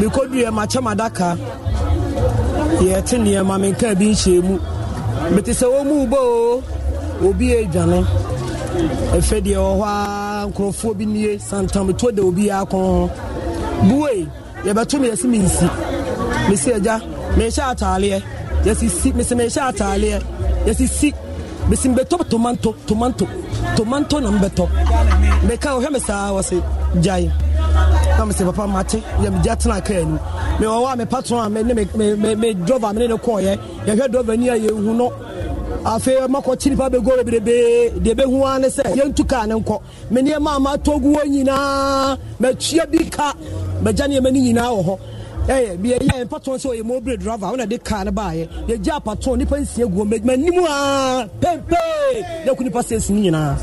mekɔduruɛ makyɛm adaka yɛte nneɛma menka bi nhyɛɛ mu mete sɛ wɔmu bo obi ɛdwane ɛfɛ deɛ wɔ hɔ a nkurɔfoɔ bi nie santamto da obiaa kɔn ho buei yɛbɛto me yɛsi mensi mesi agya mehyɛ ataaleɛ yɛsisi mesi mehyɛ ataaleɛ yɛsisi mesi mbɛtɔ tomanto tomanto tomanto na mbɛtɔ meka ɔhwɛ me saa wɔ se gyae na mese papa mate yɛmegya tena kaa anim mewɔ wɔ a mepatron oh, a me drɔva mene ne kɔɔyɛ yɛhwɛ drɔva ni a yɛhu no afei makɔkyi nipa bɛgo bebrebee deɛ bɛhu a ne sɛ yɛntu kaa ne nkɔ me nneɛma a matɔ gu hɔ nyinaa matua bi ka mɛgya nneɛma no nyinaa wɔ hɔ ɛyɛ eh, eh, bi yɛ mpatɔn sɛ ɔyɛ mobile driver wɔn na de kaa no baayɛ yɛgye apatɔn nipa nsia gu wɔn mɛ nimu aa pɛmpɛ yɛku nipa sɛs ne nyinaa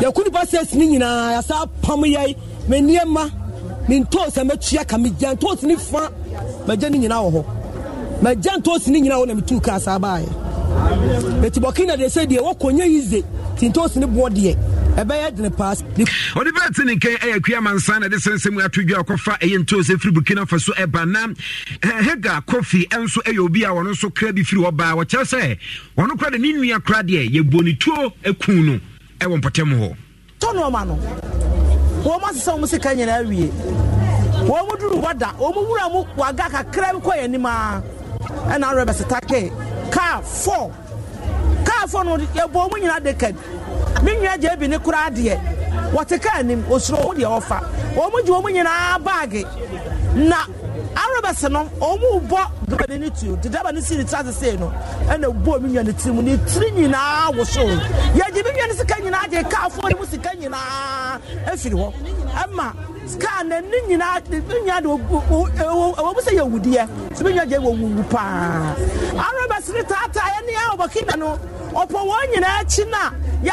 yɛku nipa sɛs ne nyinaa yasa apam yɛ mɛ nneɛma mɛ ntɔɔsi a mɛtua ka mɛ gya ntɔɔsi ne fa bɛgya ne nyinaa wɔ hɔ mɛ gya ne nyinaa wɔ na mɛ tu kaa saa baayɛ etibɔkin na de sɛ deɛ wɔkɔ nye yize ti ntɔɔsi ne boɔ deɛ ɛbɛyɛ dene paas ɔde bɛɛ te ne nkɛn ɛyɛ kuama nsa na ɛde sɛnsɛm ato dwa ɔkɔfa ɛyɛ ntoo sɛ firi burkina faso ɛba e na eh, hega kofi ɛnso e ɛyɛ obi a ɔno nso kra bi firi ɔbaa wɔkyerɛ sɛ ɔno kora de ne nnua kora deɛ ne tuo aku e no ɛwɔ hɔ no wɔn mo wɔn sika nyinaa awie wɔn mo duru wɔn me nua gye bi ne koraa deɛ wɔte kaa anim osuro wɔn deɛ ɔfa wɔn gye wɔn nyinaa baage na arabɛsɛ no wɔn bɔ dabani ne tuo de dabani si ne tra sese no ɛna bɔ me nua ne tiri mu ne tiri nyinaa woso yɛgye me nua ne sika nyinaa gye kaafoɔ ne mu sika nyinaa efiri hɔ ɛma kaa na ne nyinaa ne nua de wɔn mu sɛ yɛ wudeɛ so me nua gye wɔ wuwu paa arabɛsɛ ne taataa yɛ ne yɛ ɔbɔ kinda no ɔpɔ wɔn nyinaa akyi na yɛ.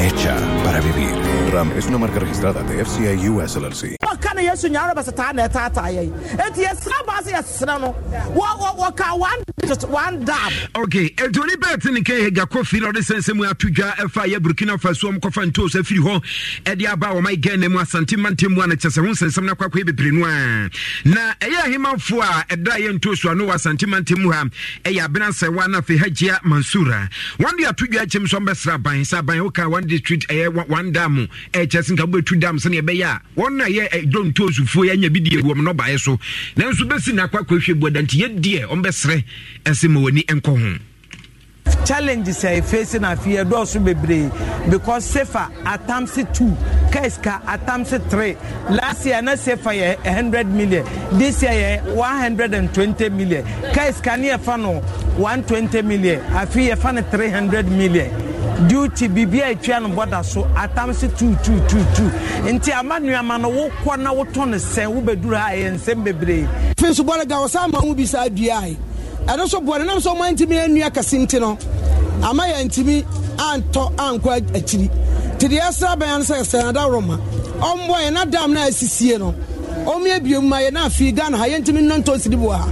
hecha para vivir. Ram es una marca registrada de FCI US LLC. kana yesu one just one dab okay edoni bet ni ke ga kofi no de sense mu atudwa efa ya burkina faso mu kofa nto so afiri ho e de aba wa mai gen mu asante mante mu ana kyese ho sensem na kwakwa bebre no a na a edra ye nto so no wa asante mante mu ha bena se wa na hagia mansura wande atudwa kyem so mbesra ban sa ban wo ka district ɛyɛ one dam ɛkyɛ sɛ nka two dam sɛneɛ ɛbɛyɛ a wɔn na yɛ dontosufoɔ yɛanya bi deɛ wɔm no baeɛ so nanso bɛsi no akɔ akɔhwɛ bua da nti yɛdeɛ ɔmbɛserɛ ɛsɛ ma w'ani ho challenges a yɛfɛsi na afei be brave? because sefa atamse two keska atamse three last year na sefa hundred million this year one hundred and twenty million keska ne yɛfa one twenty million afei yɛfa no three hundred million duty Bibi a ɛtua no bɔda so atam se tuutuutuutu nti ama nnuama no kwa na wotɔ no sen wobɛduru a ɛyɛ nsɛm bebree afei so bɔre ga wɔ sɛ bi ɛno nso boɔ no nam sɛ ɔma ntimi anua kɛse nti no ama yɛ ntimi antɔ ankɔ akyiri nti deɛ ɛsra bɛn ano sɛ sɛnada worɔma ɔmmoa na dam no a asisie no ɔmmia biom ma yɛna afii ghana ha yɛntimi nnɔntɔ siri boɔ ha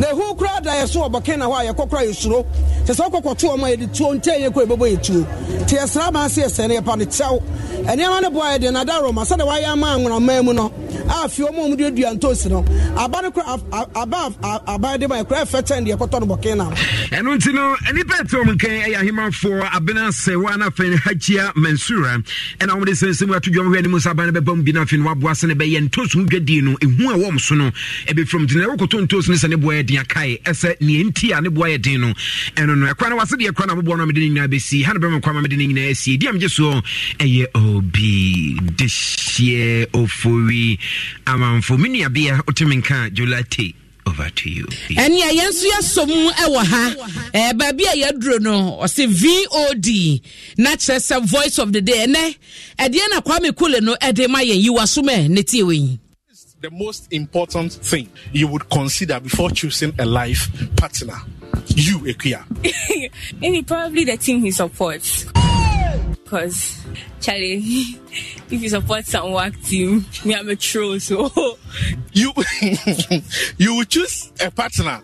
na ehu kura da yɛ so wɔ bɔkɛn na hɔ a yɛkɔ kura yɛ suro sɛ ɔkɔkɔ to ɔmo a yɛde tuo ntɛn yɛ kɔ ebɛbɔ yɛ tuo te ɛsra ama ase ɛsɛ no yɛpa ne kyɛw nneɛma no boa yɛde na da roma sɛdeɛ wɔayɛ ama anwonaman mu no a fie ɔmo ɔmo de dua no aba no kura aba aba de ma ɛkura ɛfɛ kyɛn deɛ ɛkɔtɔ no bɔkɛn na. ɛno nti no nipa ɛtɛ ɔmo nkɛn ɛyɛ ahemanfoɔ abena sɛ wɔn anafɛn hakyia mansura ɛna wɔn de sɛnsɛn mu ato dwom hɔ anim nsa aban no bɛbɔ mu bi na afei no waboa sɛ no bɛyɛ dwadie no ehu a wɔn so no ebi from ti na ɛwɔ koto ntoosi no sɛ ne boa yɛ din akae ɛsɛ neɛ nti a ne boa yɛ den no ɛno no ɛkora no wase deɛ kora na moboɔ no mede ne nyinaa bɛsi ha no bɛma kwa ma mede ne nyinaa asie di a megye soɔ ɛyɛ obi dehyeɛ ofori amanfo me nuabea woteme nka jolate over to nso yɛsɔ wɔ ha baabi a yɛduro no ɔsɛ vod na kyerɛ sɛ voice of the day ɛnɛ ɛdeɛ na kwame kole no ɛde ma yɛn yiwaso mɛ ne tie wɔ yi the most important thing you would consider before choosing a life partner? You, Ekia. Maybe probably the team he supports. Because, Charlie, if you support some work team, me, I'm a troll, so. you, you will choose a partner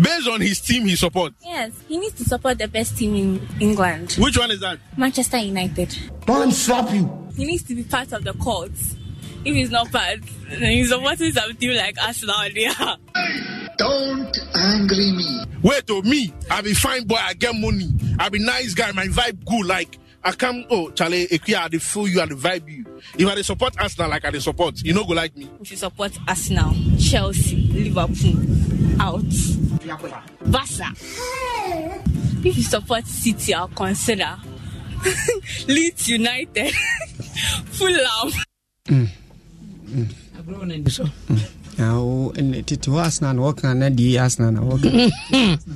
based on his team he supports. Yes, he needs to support the best team in England. Which one is that? Manchester United. Don't let him slap you. He needs to be part of the courts. If it's not part, he's supporting something like Arsenal. Yeah. Don't angry me. Wait, to oh, me, I be fine boy. I get money. I be nice guy. My vibe good. Like I come. Oh, Charlie, if you are the fool, you, are the vibe you. If I they support Arsenal, like I support, you know go like me. If you support Arsenal, Chelsea, Liverpool, out. Barca. If you support City, I'll consider. Leeds United, Fulham. Mm tete hɔ asena na wɔka na deɛ asena na wɔka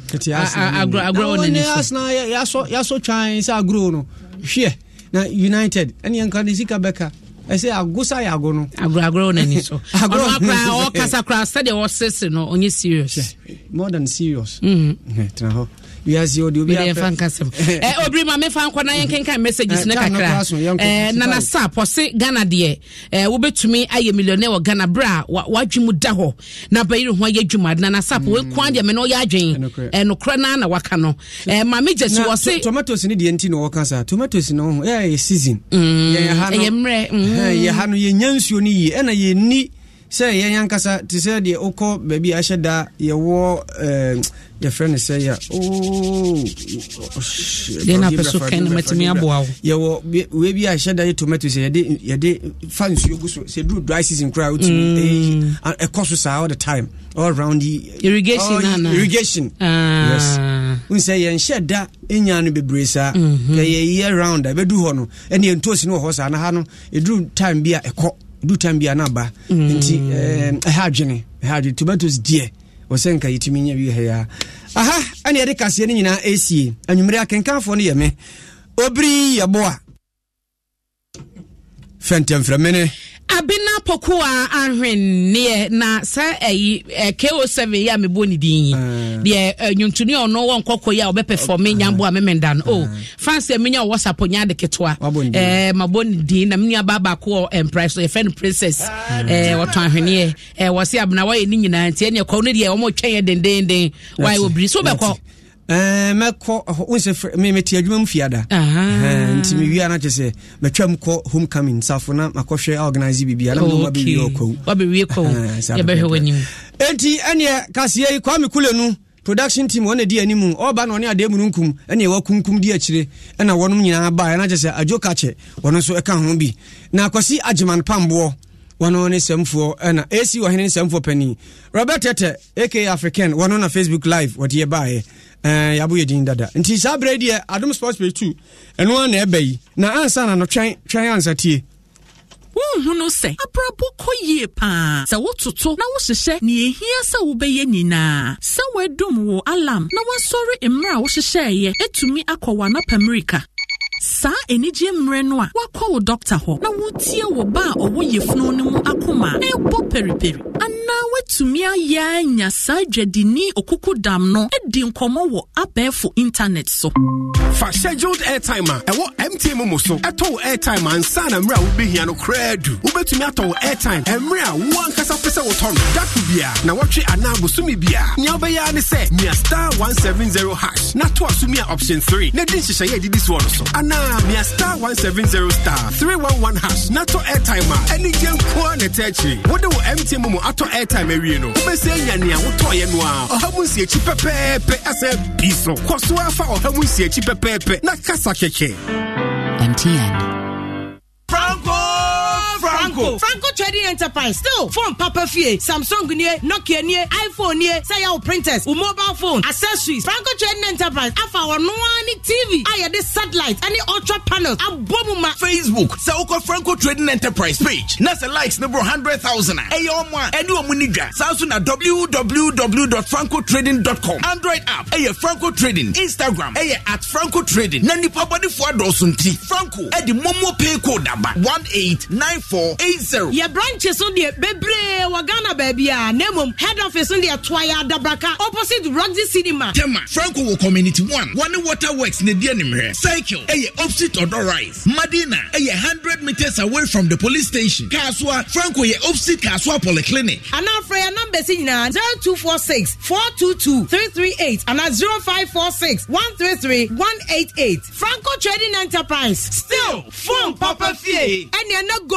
tete yɛasɔ twan sɛ agro no hwɛ na united ɛne yɛnka ne sika bɛka ɛsɛ ago sa yɛ ago no agoragorɔ nani so ɔkasa kora sɛdeɛ wɔsese no ɔnyɛ serious more than serious mm. tena hɔ wiase ɔde obirima mefa nkɔ na yɛnkenka messages eh, no kakra nanasa pɔse ghana deɛ eh, wobɛtumi ayɛ millionaire wɔ ghana berɛ a wadwe da hɔ na bɛyere ho ayɛ adwuma nanasa po mm. wɛkua deɛ me no woyɛ adwen eh, nokorɛ no na waka no ma megya si wɔ se tomatoes no deɛ nti na wɔka saa tomatoes no ho ɛyɛ season mm, yɛha mm. no yɛnya nsuo no yie ɛna yɛni sɛ yɛn ankasa te sɛ deɛ wokɔ baabi a ahyɛ da yɛwɔ eh, yɛfrɛ no sɛ yɛwɔ wei bi a ahyɛ da yɛ tomato sɛ yɛde fa nsuo gu so sɛ duru dry season koraa wotumi mm. eh, ɛkɔ so saa all the time all round irrigation irrigation ah. yes wohu sɛ yɛnhyɛ da ɛnya no bebree saa mhm. yɛyɛ round a ɛbɛduru hɔ no ɛne yɛntoosi no wɔ hɔ saa na ha no ɛduru time bi a ɛkɔ du time bia na ba mm. nti eh, ɛha adwene ɛha adwene tomatoes deɛ wɔsɛ nka yɛtumi nya bi hɛa aha ɛne yɛde kaseɛ no nyinaa ɛsie anwummerɛ akenkanfoɔ no yɛ me obiri yɛboa fɛntɛmfrɛmene abena pokua ahwenneɛ na sɛ ɛyi eh, ko7 yi a mebɔ ne din yi ah. deɛ nwuntoni a ɔno wɔ nkɔkɔ yi a wɔbɛpɛfɔ me nyambo a memenda no o oh, ah. france a menya wɔwɔ sapo nya ade ketewa mabɔ ne din na menua baa baako wɔ mprae so yɛfrɛ no princess ah. wɔtɔ ahwenneɛ wɔ se abena wayɛ ne nyinaa nti ɛneɛ kɔ no deɛ wɔmɔtwɛn yɛ dendenden wayɛ wɔ biri so wobɛkɔ Eh, mɛkɔ wosɛmete adwuma mu fiada eh, nti mewie no kyɛ sɛ matwam kɔ home coming safo na makɔhwɛ organise biribia na mde eh, ɛneɛ kaseɛ yi kwame kule no production team di ɔba na ɔne adeɛ mu no nkum ɛneɛ di akyire ɛna nyinaa ɛna kyɛ sɛ adwo nso ɛka ho bi na kwasi agyeman pamboɔ wɔno ne nsɛmfoɔ ɛna wɔhene nsɛmfoɔ robert aka african na facebook live wɔde Eh, yɛabo yɛ din dada nti saa berɛ deɛ adom sports page 2 ɛno a na ɛba yi na ansa na no twɛn twɛn ansa tie wohunu sɛ abrabɔ kɔ yie paa sɛ wototo na wohyehyɛ nea ehia sɛ wobɛyɛ nyinaa sɛ woadom wo alam na woasɔre mmerɛ a wohyehyɛeɛ atumi akɔ w'anapa saa anigye mmerɛ no a woakɔ wo dɔkta hɔ na wotie wɔ ba a ɔwɔ yafunu no mu akoma a ɛrebɔ periperi anaa woatumi ayɛ anya saa dwadini okuku dam no di nkɔmmɔ wɔ abɛɛfo internet so fa scheduled airtime a ɛwɔ mtm mu so ɛtɔ wo airtime ansa na mmerɛ a wobɛhia no koraa du wobɛtumi atɔ wo airtime ɛmmerɛ a wo ankasa pɛ sɛ wotɔ no dako bia na wɔtwe anaa bosome bia nea wobɛyɛ ne sɛ nia star 170 hash na to a a option 3 na di nhyehyɛeɛ adidi soɔ no so na mia star 170 star 311 hash nato airtime a ɛne gye nko a ne tɛkyiri wode wo mtm mu airtime awie no wobɛsɛ anya nea wotɔeɛ no a ɔha mu nsiakyi pɛpɛɛpɛ asɛ bi so kɔ so afa ɔha mu nsiakyi pɛpɛɛpɛ na kasa kɛkɛ mtn mango franco trading enterprise still phone papa fie samsung nie nokia nie iphone nie sayaw printers wo mobile phone accessories franco trading enterprise afa wɔn ani tv a yɛde satellite ɛne ultra panels abɔ mu ma. facebook sɛ wokɔ franco trading enterprise page na likes ne bro hundred thousand a ɛyɛ ɔmo a ɛne ɔmo ni dwa saa nso na www.francotrading.com android app ɛyɛ franco trading instagram ɛyɛ at franco trading na nipa bɔdefoɔ adɔɔso nti franco di momo pay code aba one eight nine four eight eight yɛ branches so deɛ bebree wɔ ghana baabi a na mmom head office so deɛ toa yɛ adabraka opposite roxy cinema. tema franco wɔ community one wɔne water works na di anim hɛ cycle ɛyɛ opposite ɔdɔ rice madina ɛyɛ hundred meters away from the police station kaasua franco yɛ opposite kaasua polyclinic. anafra yɛ namba si nyinaa zero two four six four two two three three eight ana zero five four six one three three one eight eight franco trading enterprise still phone papa fie ɛnìyɛn na go